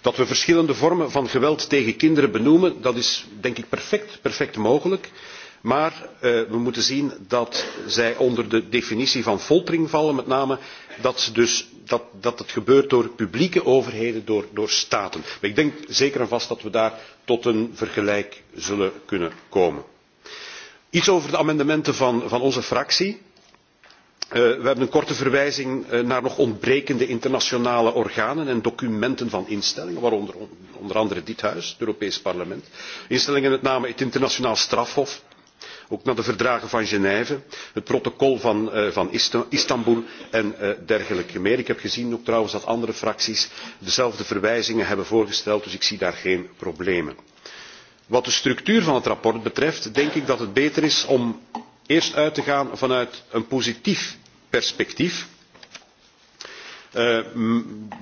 dat we verschillende vormen van geweld tegen kinderen benoemen dat is denk ik perfect mogelijk maar eh, we moeten zien dat zij onder de definitie van foltering vallen met name dat ze dus dat, dat het gebeurt door publieke overheden, door, staten. Maar ik denk zeker en vast dat we daar tot een vergelijk zullen kunnen komen. Iets over de amendementen van, onze fractie. Eh, we hebben een korte verwijzing eh, naar nog ontbrekende internationale organen en documenten van instellingen, waaronder onder andere dit huis, het Europees Parlement. Instellingen met name het Internationaal Strafhof, ook naar de verdragen van genève het protocol van, eh, van istanboel en eh, dergelijke meer. ik heb gezien ook trouwens dat andere fracties dezelfde verwijzingen hebben voorgesteld dus ik zie daar geen problemen. wat de structuur van het verslag betreft denk ik dat het beter is om eerst uit te gaan vanuit een positief perspectief eh,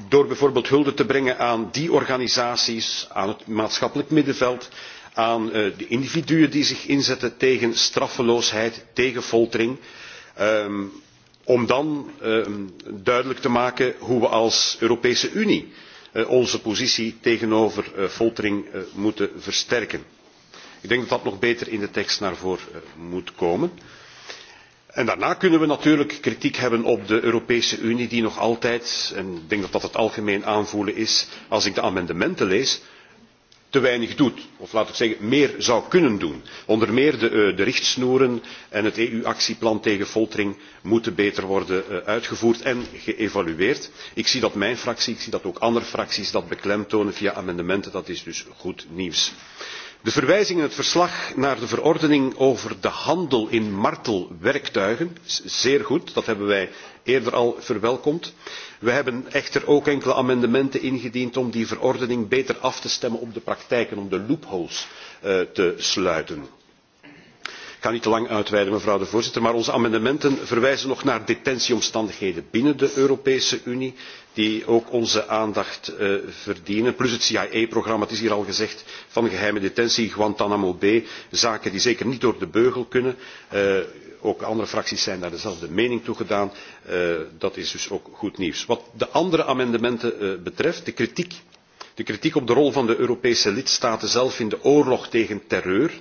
door bijvoorbeeld hulde te brengen aan die organisaties aan het maatschappelijk middenveld aan eh, de individuen die zich inzetten tegen straffeloosheid, tegen foltering. Ehm, om dan ehm, duidelijk te maken hoe we als Europese Unie eh, onze positie tegenover eh, foltering moeten versterken. Ik denk dat dat nog beter in de tekst naar voren moet komen. En daarna kunnen we natuurlijk kritiek hebben op de Europese Unie die nog altijd, en ik denk dat dat het algemeen aanvoelen is, als ik de amendementen lees, te weinig doet of laat ik zeggen meer zou kunnen doen. onder meer de, eh, richtsnoeren en het eu actieplan tegen foltering moeten beter worden eh, uitgevoerd en geëvalueerd. ik zie dat mijn fractie ik zie dat ook andere fracties dat beklemtonen via amendementen dat is dus goed nieuws. de verwijzing in het verslag naar de verordening over de handel in martelwerktuigen is zeer goed dat hebben wij eerder al verwelkomd we hebben echter ook enkele amendementen ingediend om die verordening beter af te stemmen op de praktijk en om de loopholes eh, te sluiten ga niet te lang uitweiden mevrouw de voorzitter maar onze amendementen verwijzen nog naar detentieomstandigheden binnen de europese unie die ook onze aandacht eh, verdienen plus het cia programma het is hier al gezegd van geheime detentie Guantanamo bay zaken die zeker niet door de beugel kunnen. Eh, ook andere fracties zijn naar dezelfde mening toe gedaan. Eh, dat is dus ook goed nieuws. wat de andere amendementen betreft de kritiek de kritiek op de rol van de europese lidstaten zelf in de oorlog tegen terreur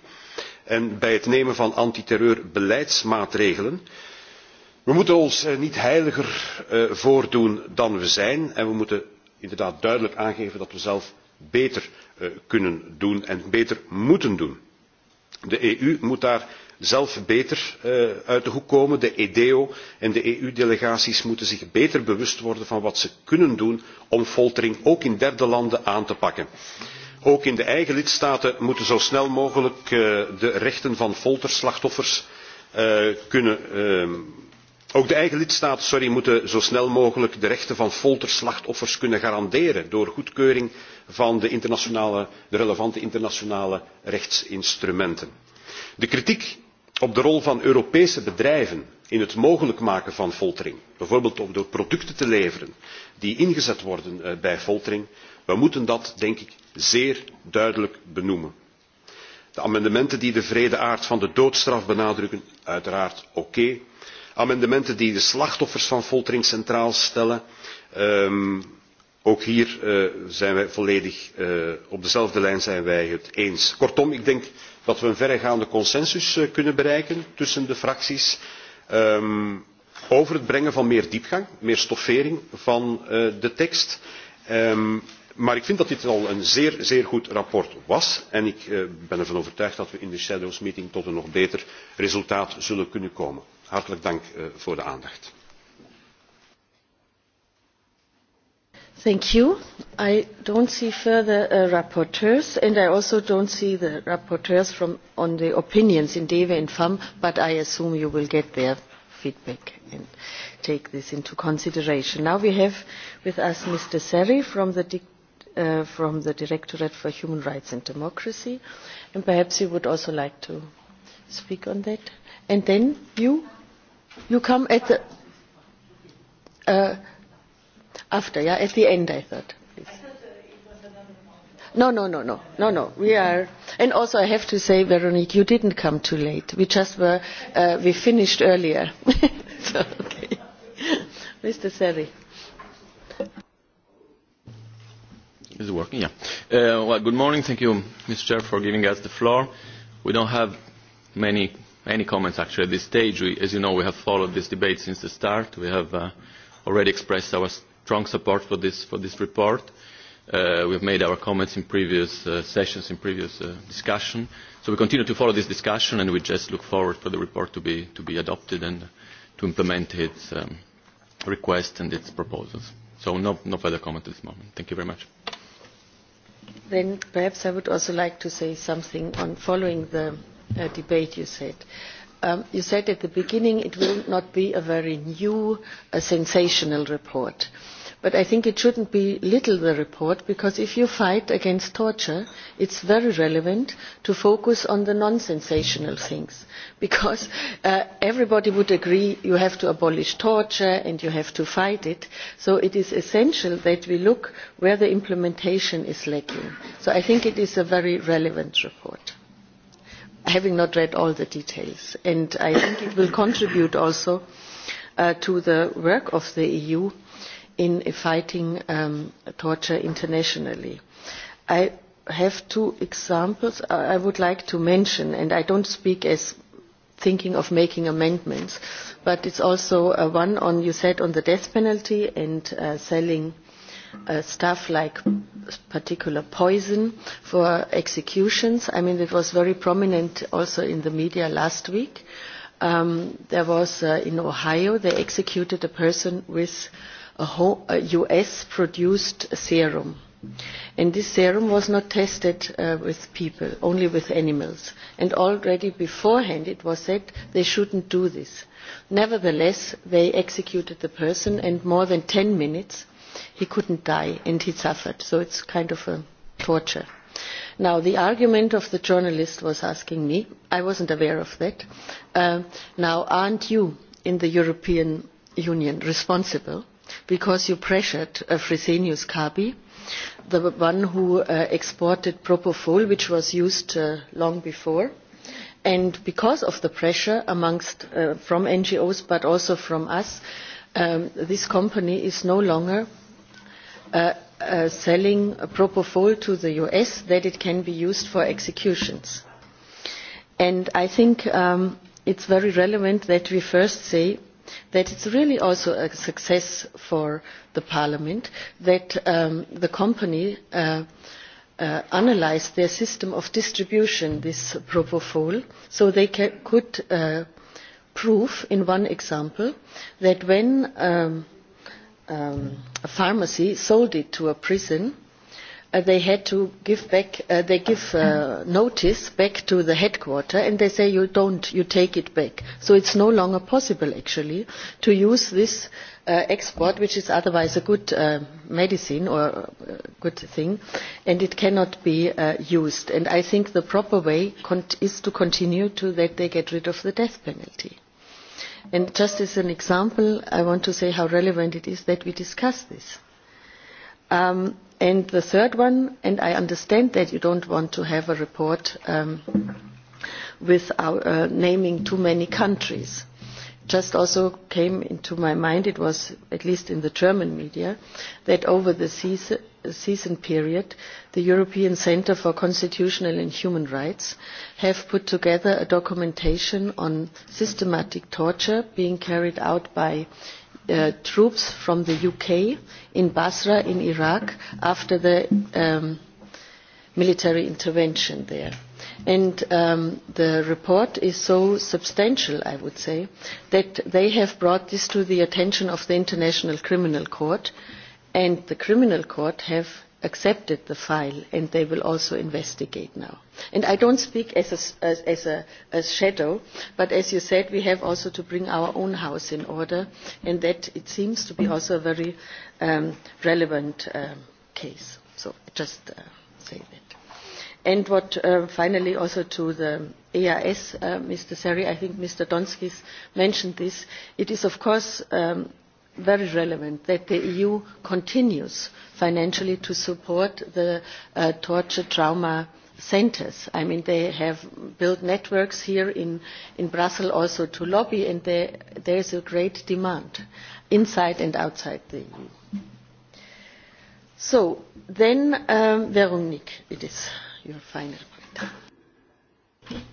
en bij het nemen van antiterreurbeleidsmaatregelen. we moeten ons eh, niet heiliger eh, voordoen dan we zijn en we moeten inderdaad duidelijk aangeven dat we zelf beter eh, kunnen doen en beter moeten doen. de eu moet daar zelf beter uit de hoek komen. de edeo en de eu delegaties moeten zich beter bewust worden van wat ze kunnen doen om foltering ook in derde landen aan te pakken ook in de eigen lidstaten moeten zo snel mogelijk eh, de rechten van folterslachtoffers eh, kunnen ehm, ook de eigen lidstaten moeten zo snel mogelijk de rechten van folterslachtoffers kunnen garanderen door goedkeuring van de, de relevante internationale rechtsinstrumenten. de kritiek op de rol van europese bedrijven in het mogelijk maken van foltering bijvoorbeeld door producten te leveren die ingezet worden eh, bij foltering we moeten dat denk ik zeer duidelijk benoemen. de amendementen die de wrede aard van de doodstraf benadrukken uiteraard oké. amendementen die de slachtoffers van foltering centraal stellen ehm, ook hier eh, zijn wij volledig eh, op dezelfde lijn zijn wij het eens. kortom ik denk dat we een verregaande consensus eh, kunnen bereiken tussen de fracties ehm, over het brengen van meer diepgang meer stoffering van de tekst. Ehm, maar ik vind dat dit al een zeer, zeer goed rapport was en ik eh, ben ervan overtuigd dat we in de shadows meeting tot een nog beter resultaat zullen kunnen komen. Hartelijk dank eh, voor de aandacht. Thank you. I don't see further uh, rapporteurs and I also don't see the rapporteurs from on the opinions in DEVE and FAM, but I assume you will get their feedback and take this into consideration. Now we have with us Mr Seri from the Uh, from the Directorate for Human Rights and Democracy. And perhaps you would also like to speak on that. And then you, you come at the, uh, after, yeah, at the end, I thought. No, no, no, no, no, no. We are, and also I have to say, Veronique, you didn't come too late. We just were, uh, we finished earlier. so, okay. Mr. Seri. Is working? Yeah. Uh, well, good morning. Thank you, Mr. Chair, for giving us the floor. We don't have many any comments actually at this stage. We, as you know, we have followed this debate since the start. We have uh, already expressed our strong support for this for this report. Uh, we have made our comments in previous uh, sessions, in previous uh, discussion. So we continue to follow this discussion and we just look forward for the report to be, to be adopted and to implement its um, request and its proposals. So no, no further comment at this moment. Thank you very much. Then perhaps I would also like to say something on following the uh, debate you said. Um, you said at the beginning it will not be a very new, uh, sensational report but i think it should not belittle the report because if you fight against torture it is very relevant to focus on the non sensational things because uh, everybody would agree you have to abolish torture and you have to fight it so it is essential that we look where the implementation is lacking. so i think it is a very relevant report having not read all the details and i think it will contribute also uh, to the work of the eu in fighting um, torture internationally. I have two examples uh, I would like to mention, and I don't speak as thinking of making amendments, but it's also uh, one on, you said, on the death penalty and uh, selling uh, stuff like particular poison for executions. I mean, it was very prominent also in the media last week. Um, there was uh, in Ohio, they executed a person with us produced serum and this serum was not tested uh, with people only with animals and already beforehand it was said they shouldn't do this nevertheless they executed the person and more than 10 minutes he couldn't die and he suffered so it's kind of a torture now the argument of the journalist was asking me i wasn't aware of that uh, now aren't you in the european union responsible because you pressured uh, Fresenius Kabi, the one who uh, exported propofol, which was used uh, long before. And because of the pressure amongst, uh, from NGOs but also from us, um, this company is no longer selling propofol to the US that it can be used for executions. And I think it um, it's very relevant that we first say that is really also a success for the parliament that um, the company uh, uh, analysed their system of distribution this propofol so they could uh, prove in one example that when um, um, a pharmacy sold it to a prison Uh, they had to give back uh, they give uh, notice back to the headquarters and they say you don't you take it back so it's no longer possible actually to use this uh, export which is otherwise a good uh, medicine or a uh, good thing and it cannot be used and i think the proper way is to continue to that they get rid of the death penalty and just as an example i want to say how relevant it is that we discuss this um, And the third one, and I understand that you don't want to have a report um, with our, uh, naming too many countries. Just also came into my mind, it was at least in the German media, that over the season, season period, the European Centre for Constitutional and Human Rights have put together a documentation on systematic torture being carried out by Uh, troops from the UK in Basra in Iraq after the um, military intervention there. And um, the report is so substantial, I would say, that they have brought this to the attention of the International Criminal Court and the Criminal Court have accepted the file and they will also investigate now. And I don't speak as a, as, as a shadow, but as you said, we have also to bring our own house in order, and that it seems to be also a very um, relevant um, case. So just uh, say that. And what uh, finally also to the AIS uh, Mr. Seri, I think Mr. Donskis mentioned this, it is of course um, very relevant that the eu continues financially to support the uh, torture trauma centres. i mean they have built networks here in, in brussels also to lobby and they, there is a great demand inside and outside the eu. so then um, veronique it is your final point.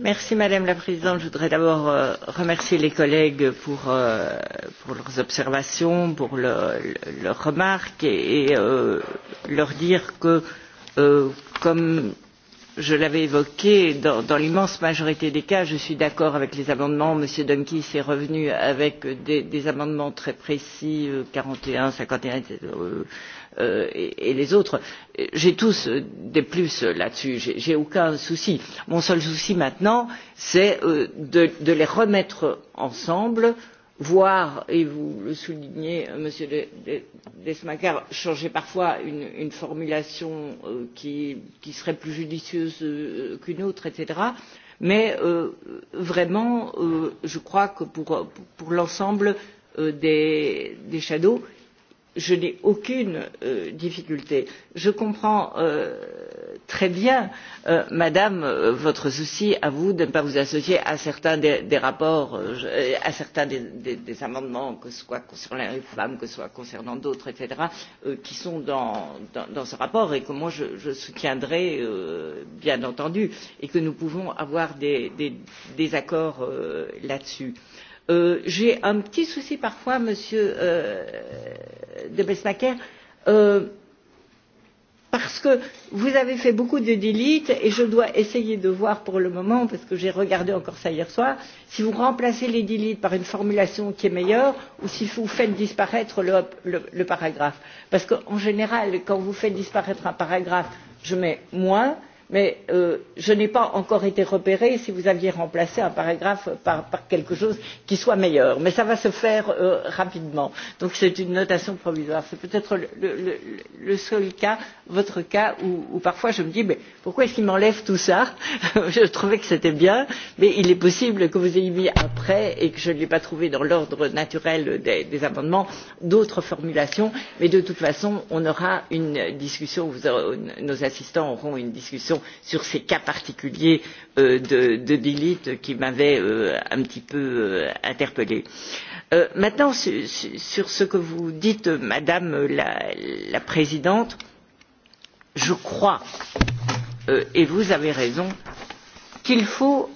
Merci Madame la Présidente. Je voudrais d'abord euh, remercier les collègues pour, euh, leurs observations, pour leurs remarques et, euh, leur dire que, comme je l'avais évoqué, dans, l'immense majorité des cas, je suis d'accord avec les amendements. M. donskis est revenu avec des, amendements très précis, quarante et un, cinquante et un. Euh, et, les autres j'ai tous euh, des plus là dessus n'ai aucun souci. mon seul souci maintenant c'est euh, de, les remettre ensemble voir et vous le soulignez monsieur demesmaeker changer parfois une, formulation qui, serait plus judicieuse qu'une autre etc. mais vraiment je crois que pour, l'ensemble des, des shadows je n'ai aucune euh, difficulté. je comprends euh, très bien euh, madame euh, votre souci à vous de ne pas vous associer à certains des, des rapports euh, à certains des, des, des amendements que ce soit concernant les femmes que ce soit concernant d'autres etc. qui sont dans, dans, dans ce rapport et que moi je, je soutiendrai bien entendu et que nous pouvons avoir des accords là dessus. Euh, j'ai un petit souci parfois monsieur euh, de besmaquer euh, parce que vous avez fait beaucoup de delete et je dois essayer de voir pour le moment parce que j'ai regardé encore ça hier soir si vous remplacez les delete par une formulation qui est meilleure ou si vous faites disparaître le, le paragraphe parce qu'en général quand vous faites disparaître un paragraphe je mets moins mais euh, je n'ai pas encore été repérée si vous aviez remplacé un paragraphe par, quelque chose qui soit meilleur mais cela va se faire euh, rapidement donc c'est une notation provisoire. c'est peut être le, seul cas votre cas où, parfois je me dis mais pourquoi est ce qu'il m'enlève tout cela? je trouvais que c'était bien mais il est possible que vous ayez mis après et que je n'ai pas trouvé dans l'ordre naturel des, des amendements d'autres formulations mais de toute façon on aura une discussion vous nos assistants auront une discussion sur ces cas particuliers euh, de, de qui m'avaient euh, un petit peu euh, interpellée. maintenant sur ce que vous dites madame la présidente je crois et vous avez raison qu'il faut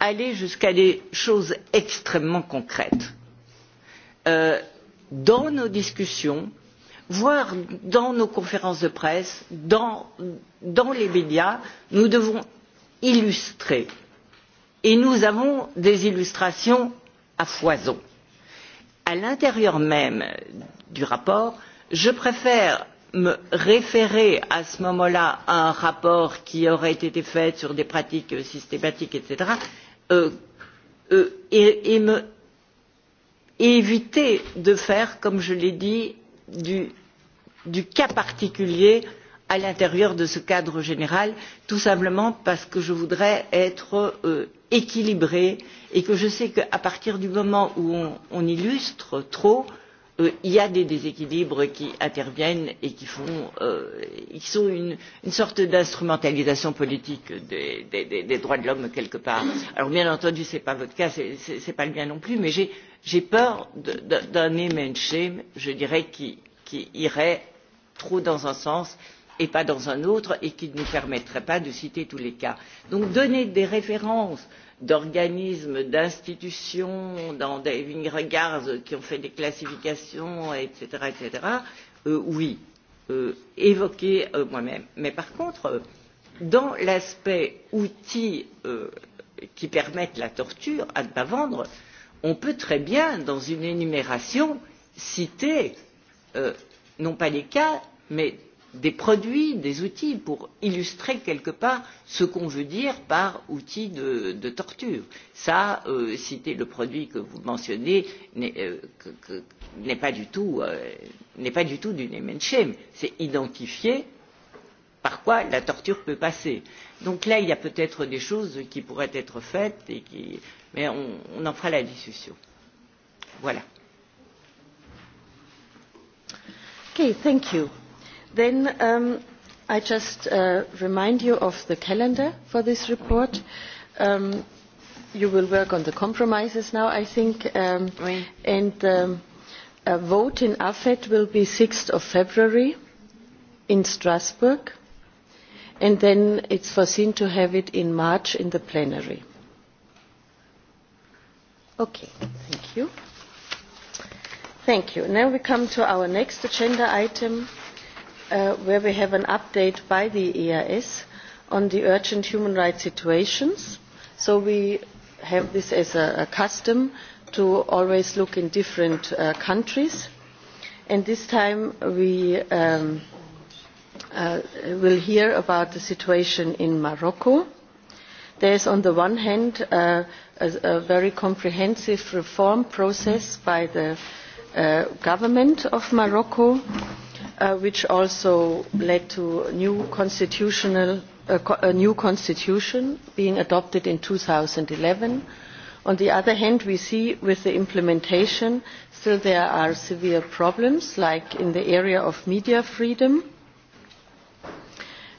aller jusqu'à des choses extrêmement concrètes. dans nos discussions voire dans nos conférences de presse dans, les médias nous devons illustrer et nous avons des illustrations à foison. à l'intérieur même du rapport je préfère me référer à ce moment là à un rapport qui aurait été fait sur des pratiques systématiques etc. Euh, euh, et, me, et éviter de faire comme je l'ai dit du, cas particulier à l'intérieur de ce cadre général tout simplement parce que je voudrais être euh, équilibrée et que je sais qu'à partir du moment où on illustre trop il euh, y a des déséquilibres qui interviennent et qui, font, euh, sont une, sorte d'instrumentalisation politique des, droits de l'homme quelque part. alors bien entendu ce n'est pas votre cas ce n'est pas le mien non plus mais j'ai peur d'un emensheim je dirais qui, qui irait trop dans un sens et pas dans un autre et qui ne nous permettrait pas de citer tous les cas. donc donner des références d'organismes d'institutions dans des regards qui ont fait des classifications etc. etc. Euh, oui euh, évoqué euh, moi même. mais par contre euh, dans l'aspect outils qui permettent la torture à ne pas vendre on peut très bien dans une énumération citer non pas les cas mais des produits, des outils pour illustrer quelque part ce qu'on veut dire par outil de, torture. Ça, euh, citer le produit que vous mentionnez n'est euh, pas du tout euh, pas du tout du C'est identifier par quoi la torture peut passer. Donc là, il y a peut-être des choses qui pourraient être faites, et qui... mais on, en fera la discussion. Voilà. Okay, thank you. Then um, I just uh, remind you of the calendar for this report. Um, you will work on the compromises now, I think, um, and the vote in AFET will be 6 of February in Strasbourg, and then it's foreseen to have it in March in the plenary. Okay, thank you. Thank you. Now we come to our next agenda item Uh, where we have an update by the EIS on the urgent human rights situations. So we have this as a, a custom to always look in different uh, countries. And this time we um, uh, will hear about the situation in Morocco. There is on the one hand uh, a, a very comprehensive reform process by the uh, government of Morocco Uh, which also led to uh, a new constitution being adopted in 2011. On the other hand, we see with the implementation still there are severe problems, like in the area of media freedom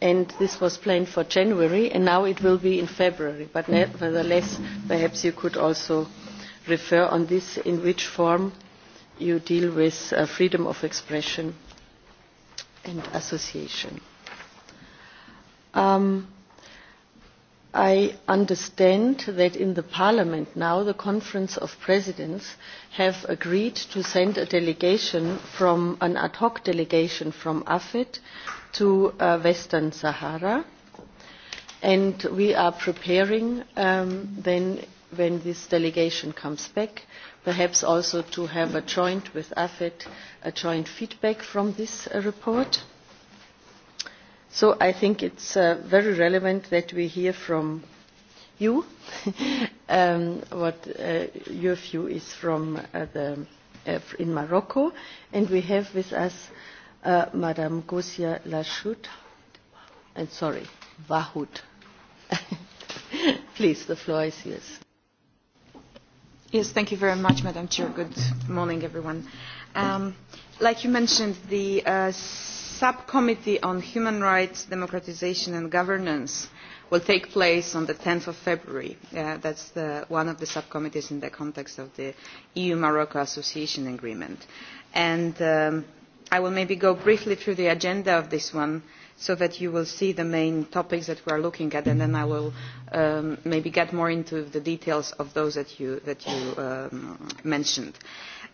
and this was planned for January and now it will be in February. But nevertheless, perhaps you could also refer on this in which form you deal with uh, freedom of expression and association. Um, i understand that in the parliament now the conference of presidents have agreed to send a delegation from an ad hoc delegation from afet to uh, western sahara and we are preparing um, then when this delegation comes back perhaps also to have a joint with afet a joint feedback from this uh, report so i think it's uh, very relevant that we hear from you um, what uh, your view is from uh, uh, in morocco and we have with us madam gosia i and sorry wahoud please the floor is yours yes thank you very much madam chair good morning everyone um, like you mentioned the subcommittee on human rights democratisation and governance will take place on ten february that is one of the subcommittees in the context of the eu morocco association agreement and um, i will maybe go briefly through the agenda of this one so that you will see the main topics that we are looking at and then i will um, maybe get more into the details of those that you, um, mentioned.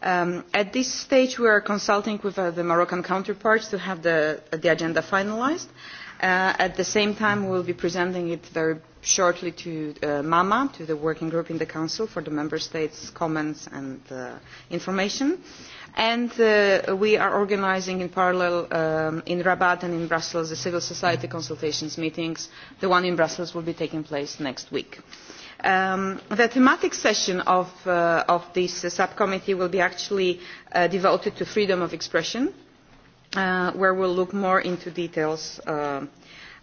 Um, at this stage we are consulting with uh, the Moroccan counterparts to have the, agenda finalised. Uh, at the same time we will be presenting it very shortly to uh, MAMA, to the working group in the Council for the Member States' comments and information. And we are organising in parallel um, in Rabat and in Brussels the civil society consultations meetings. The one in Brussels will be taking place next week. Um, the thematic session uh, of, this subcommittee will be actually uh, devoted to freedom of expression uh, where we will look more into details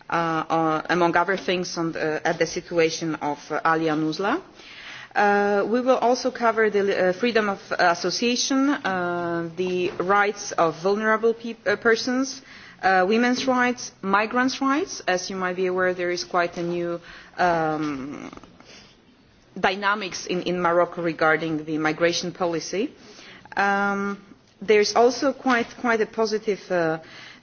among other things at the situation of alia nuzla. we will also cover the freedom of association the rights of vulnerable persons women's rights migrants' rights as you might be aware there is quite a new um, dynamics in, in Morocco regarding the migration policy. Um, there is also quite, quite a positive uh,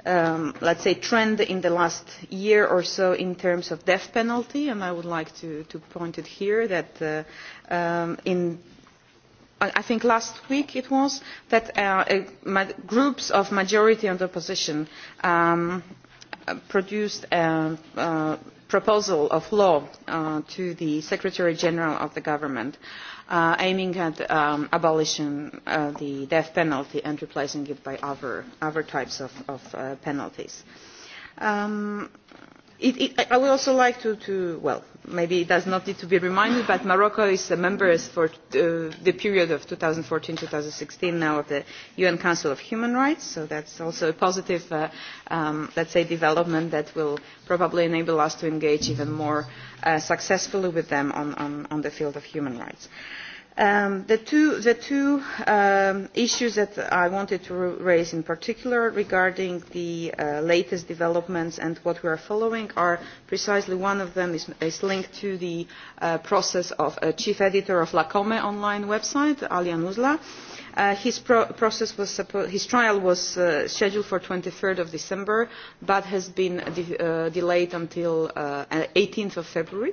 um, let say trend in the last year or so in terms of death penalty and I would like to, to point it here that uh, um, in i think last week it was that uh, groups of majority and opposition um, produced a, proposal of law uh, to the secretary general of the government uh, aiming at um, abolishing uh, the death penalty and replacing it by other, other types of, penalties. Um, I would also like to, to well maybe it does not need to be reminded but morocco is a member for uh, the period of two thousand and fourteen two thousand and sixteen now of the un council of human rights so that is also a positive uh, um, let us say development that will probably enable us to engage even more uh, successfully with them on the field of human rights. Um, the two, um, issues that i wanted to raise in particular regarding the uh, latest developments and what we are following are precisely one of them is, linked to the uh, process of a chief editor of la Come online website ali Nuzla. Uh, his, trial was scheduled for twenty three december but has been delayed until eighteen february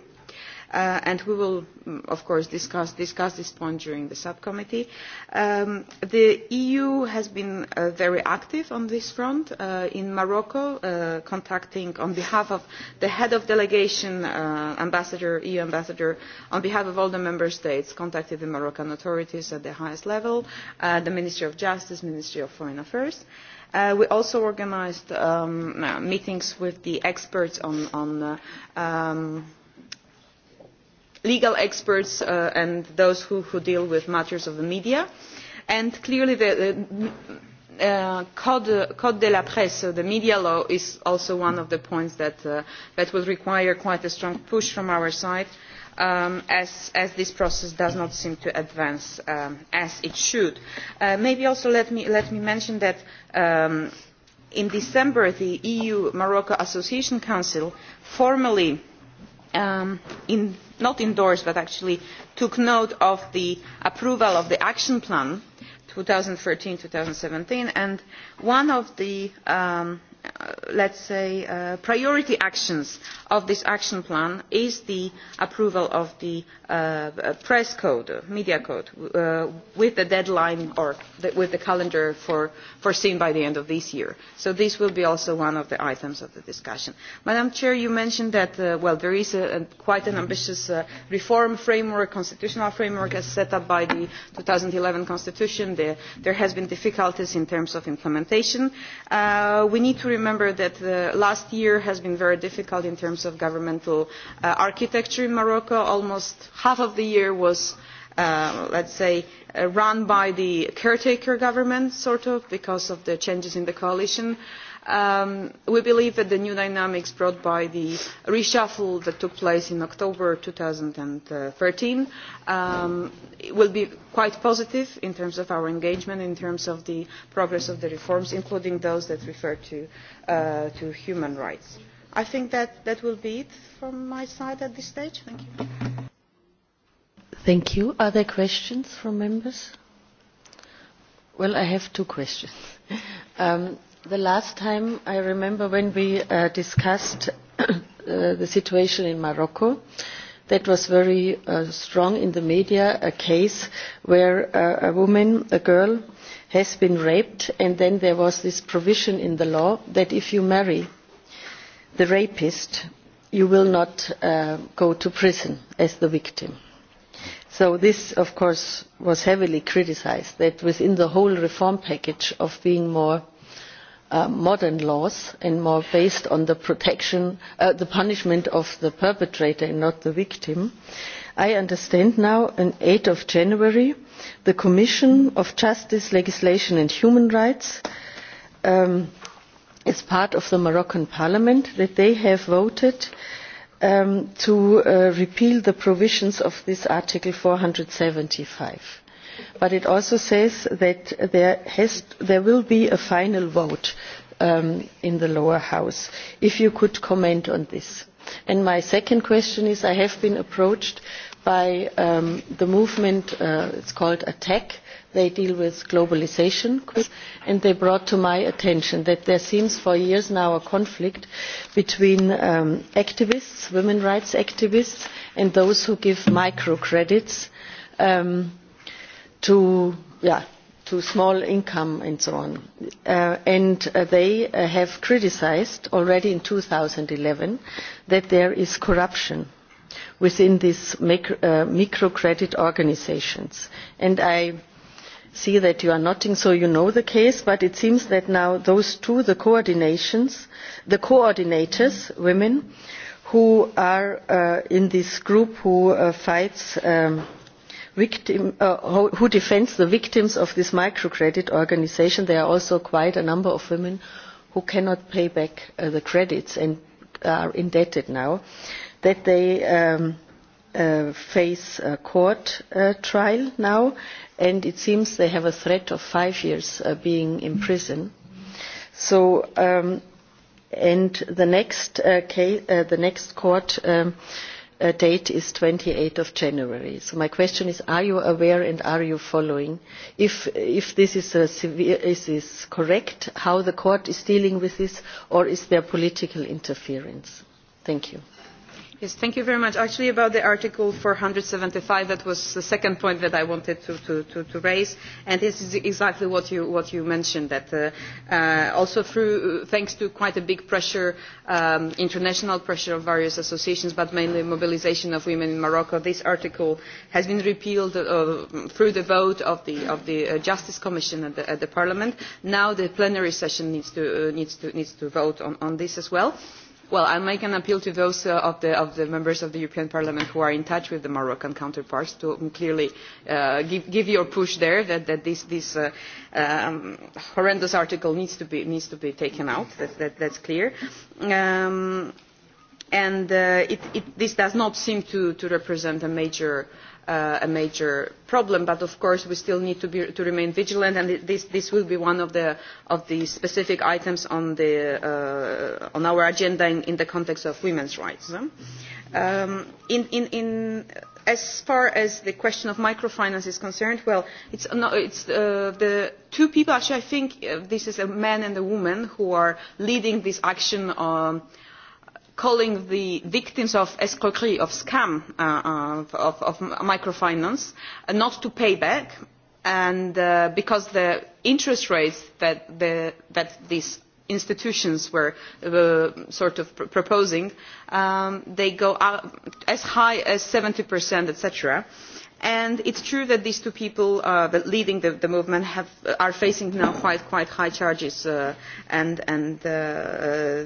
Uh, and we will mm, of course discuss, discuss this point during the subcommittee. Um, the eu has been uh, very active on this front uh, in morocco contacting on behalf of the head of delegation ambassador eu ambassador on behalf of all the member states contacted the moroccan authorities at the highest level the ministry of justice ministry of foreign affairs. we also organised um, meetings with the experts on, um, legal experts uh, and those who, deal with matters of the media and clearly the, uh, code, de la presse the media law is also one of the points that, uh, will require quite a strong push from our side um, as, this process does not seem to advance um, as it should. maybe also let me, mention that um, in december the eu morocco association council formally in not endorsed but actually took note of the approval of the action plan two thousand and thirteen two thousand and seventeen and one of the um, let's say uh, priority actions of this action plan is the approval of the uh, press code media code uh, with the deadline or with the calendar foreseen by the end of this year so this will be also one of the items of the discussion madam chair you mentioned that there is quite an ambitious reform framework constitutional framework as set up by the 2011 constitution there has been difficulties in terms of implementation we need to remember that the last year has been very difficult in terms of governmental uh, architecture in Morocco. Almost half of the year was, uh, let's say, uh, run by the caretaker government, sort of, because of the changes in the coalition. Um, we believe that the new dynamics brought by the reshuffle that took place in october two thousand and thirteen um, will be quite positive in terms of our engagement in terms of the progress of the reforms including those that refer uh, to, human rights. i think that that will be it from my side at this stage. thank you. thank you. are there questions from members? well i have two questions. Um, the last time i remember when we uh, discussed uh, the situation in morocco that was very uh, strong in the media a case where a woman a girl has been raped and then there was this provision in the law that if you marry the rapist you will not go to prison as the victim so this of course was heavily criticised that within the whole reform package of being more Uh, modern laws and more based on uh, the punishment of the perpetrator and not the victim i understand now on eight january the commission of justice legislation and human rights as um, part of the moroccan parliament that they have voted um, to uh, repeal the provisions of this article four hundred and seventy five but it also says that there, will be a final vote um, in the lower house. if you could comment on this. my second question is i have been approached by um, the movement uh, it is called attac they deal with globalisation and they brought to my attention that there seems for years now a conflict between um, activists women's rights activists and those who give microcredits to yeah, to small income and so on. Uh, and uh, they uh, have criticized already in 2011 that there is corruption within these micro, uh, microcredit organisations. And I see that you are nodding, so you know the case, but it seems that now those two, the coordinations, the coordinators, women, who are in this group who fights um, Uh, who defends the victims of this microcredit organisation. There are also quite a number of women who cannot pay back uh, the credits and are indebted now, that they um, uh, face a court trial now and it seems they have a threat of five years being in prison. So um, and the next, case, the next court um, Uh, date is twenty eight january. so my question is are you aware and are you following if, this uh, is, is correct how the court is dealing with this or is there political interference? thank you. Yes, thank you very much. Actually, about the Article 475, that was the second point that I wanted to, to, to, raise, and this is exactly what you, what you mentioned, that uh, uh, also through, thanks to quite a big pressure, um, international pressure of various associations, but mainly mobilization of women in Morocco, this article has been repealed uh, through the vote of the, of the Justice Commission at the, at the Parliament. Now the plenary session needs to, needs to, needs to vote on this as well Well, I make an appeal to those uh, of, the, members of the European Parliament who are in touch with the Moroccan counterparts to um, clearly uh, give, your push there that, this, this uh, um, horrendous article needs to be, needs to be taken out. That, that, that's clear. Um, and it, it, this does not seem to, to represent a major Uh, a major problem but of course we still need to, be, to remain vigilant and this, this will be one of the, of the specific items on, the, uh, on our agenda in, in the context of women's rights. Um, in, in, as far as the question of microfinance is concerned well it's, uh, the two people actually i think this is a man and a woman who are leading this action on um, calling the victims of escroquerie of scam uh, of, of microfinance uh, not to pay back and uh, because the interest rates that, the, that these institutions were uh, sort of proposing um, they go as high as 70% etc and it's true that these two people uh, leading the, the movement have, are facing now quite, quite high charges uh, and, and uh,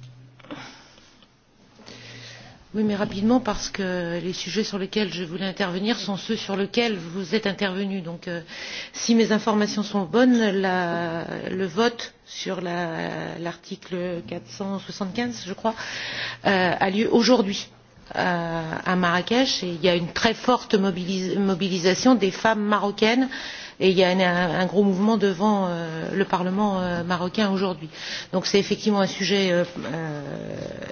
Oui, mais rapidement, parce que les sujets sur lesquels je voulais intervenir sont ceux sur lesquels vous êtes intervenu. Donc, euh, si mes informations sont bonnes, la, le vote sur l'article soixante 475, je crois, euh, a lieu aujourd'hui euh, à Marrakech. Et il y a une très forte mobilisation des femmes marocaines il y a un, gros mouvement devant euh, le parlement euh, marocain aujourd'hui. donc c'est effectivement un sujet euh,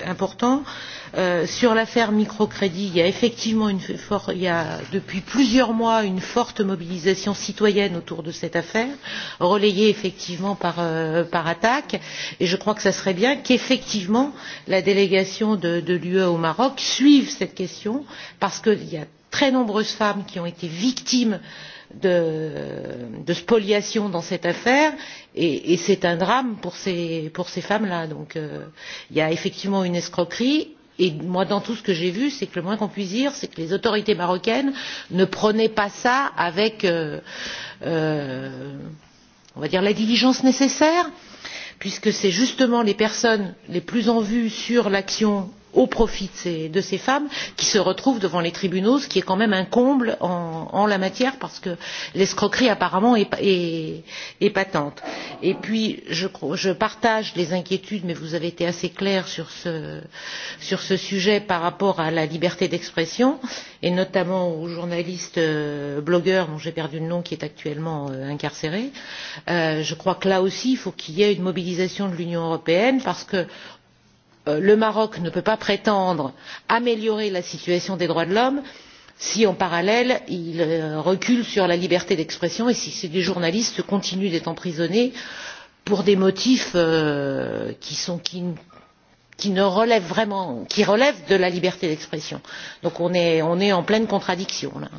important. sur l'affaire microcrédit il y a effectivement depuis plusieurs mois une forte mobilisation citoyenne autour de cette affaire relayée effectivement par, par attaque et je crois que ce serait bien qu'effectivement la délégation de, de l'ue au maroc suive cette question parce qu'il y a très nombreuses femmes qui ont été victimes de, spoliation dans cette affaire et, c'est un drame pour ces, femmes là. donc euh, il y a effectivement une escroquerie et moi dans tout ce que j'ai vu c'est que le moins qu'on puisse dire c'est que les autorités marocaines ne prenaient pas cela avec euh, euh, on va dire la diligence nécessaire puisque c'est justement les personnes les plus en vue sur l'action au profit de ces, femmes qui se retrouvent devant les tribunaux ce qui est quand même un comble en, la matière parce que l'escroquerie apparemment est, pa-, patente. et puis je, partage les inquiétudes mais vous avez été assez clair sur ce, sujet par rapport à la liberté d'expression et notamment au journaliste euh, blogueur dont j'ai perdu le nom qui est actuellement euh, incarcéré. Euh, je crois que là aussi il faut qu'il y ait une mobilisation de l'union européenne parce que Euh, le maroc ne peut pas prétendre améliorer la situation des droits de l'homme si en parallèle il euh, recule sur la liberté d'expression et si des journalistes continuent d'être emprisonnés pour des motifs euh, qui, qui, relèvent de la liberté d'expression. donc on est, en pleine contradiction là.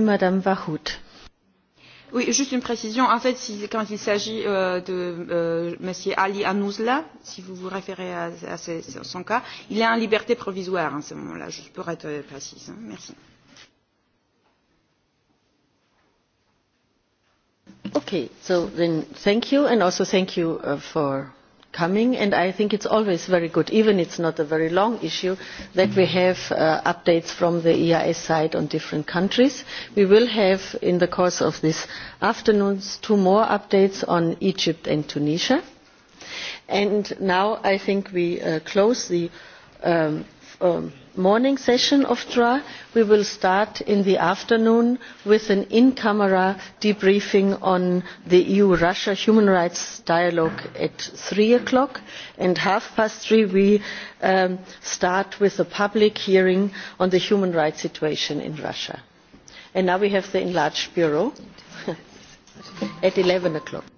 Madame Oui, juste une précision. En fait, si, quand il s'agit euh, de euh, M. Ali Anouzla, si vous vous référez à, à ce, son cas, il est en liberté provisoire en ce moment-là, juste pour être euh, précise. Hein. Merci. Okay, so then thank you and also thank you uh, for coming and i think it is always very good even if it is not a very long issue that we have uh, updates from the eeas side on different countries. we will have in the course of this afternoon two more updates on egypt and tunisia and now i think we uh, close the um, um, morning session of tra we will start in the afternoon with an in camera debriefing on the eu russia human rights dialogue at three o'clock and at half past three we um, start with a public hearing on the human rights situation in russia. and now we have the enlarged bureau at eleven o'clock.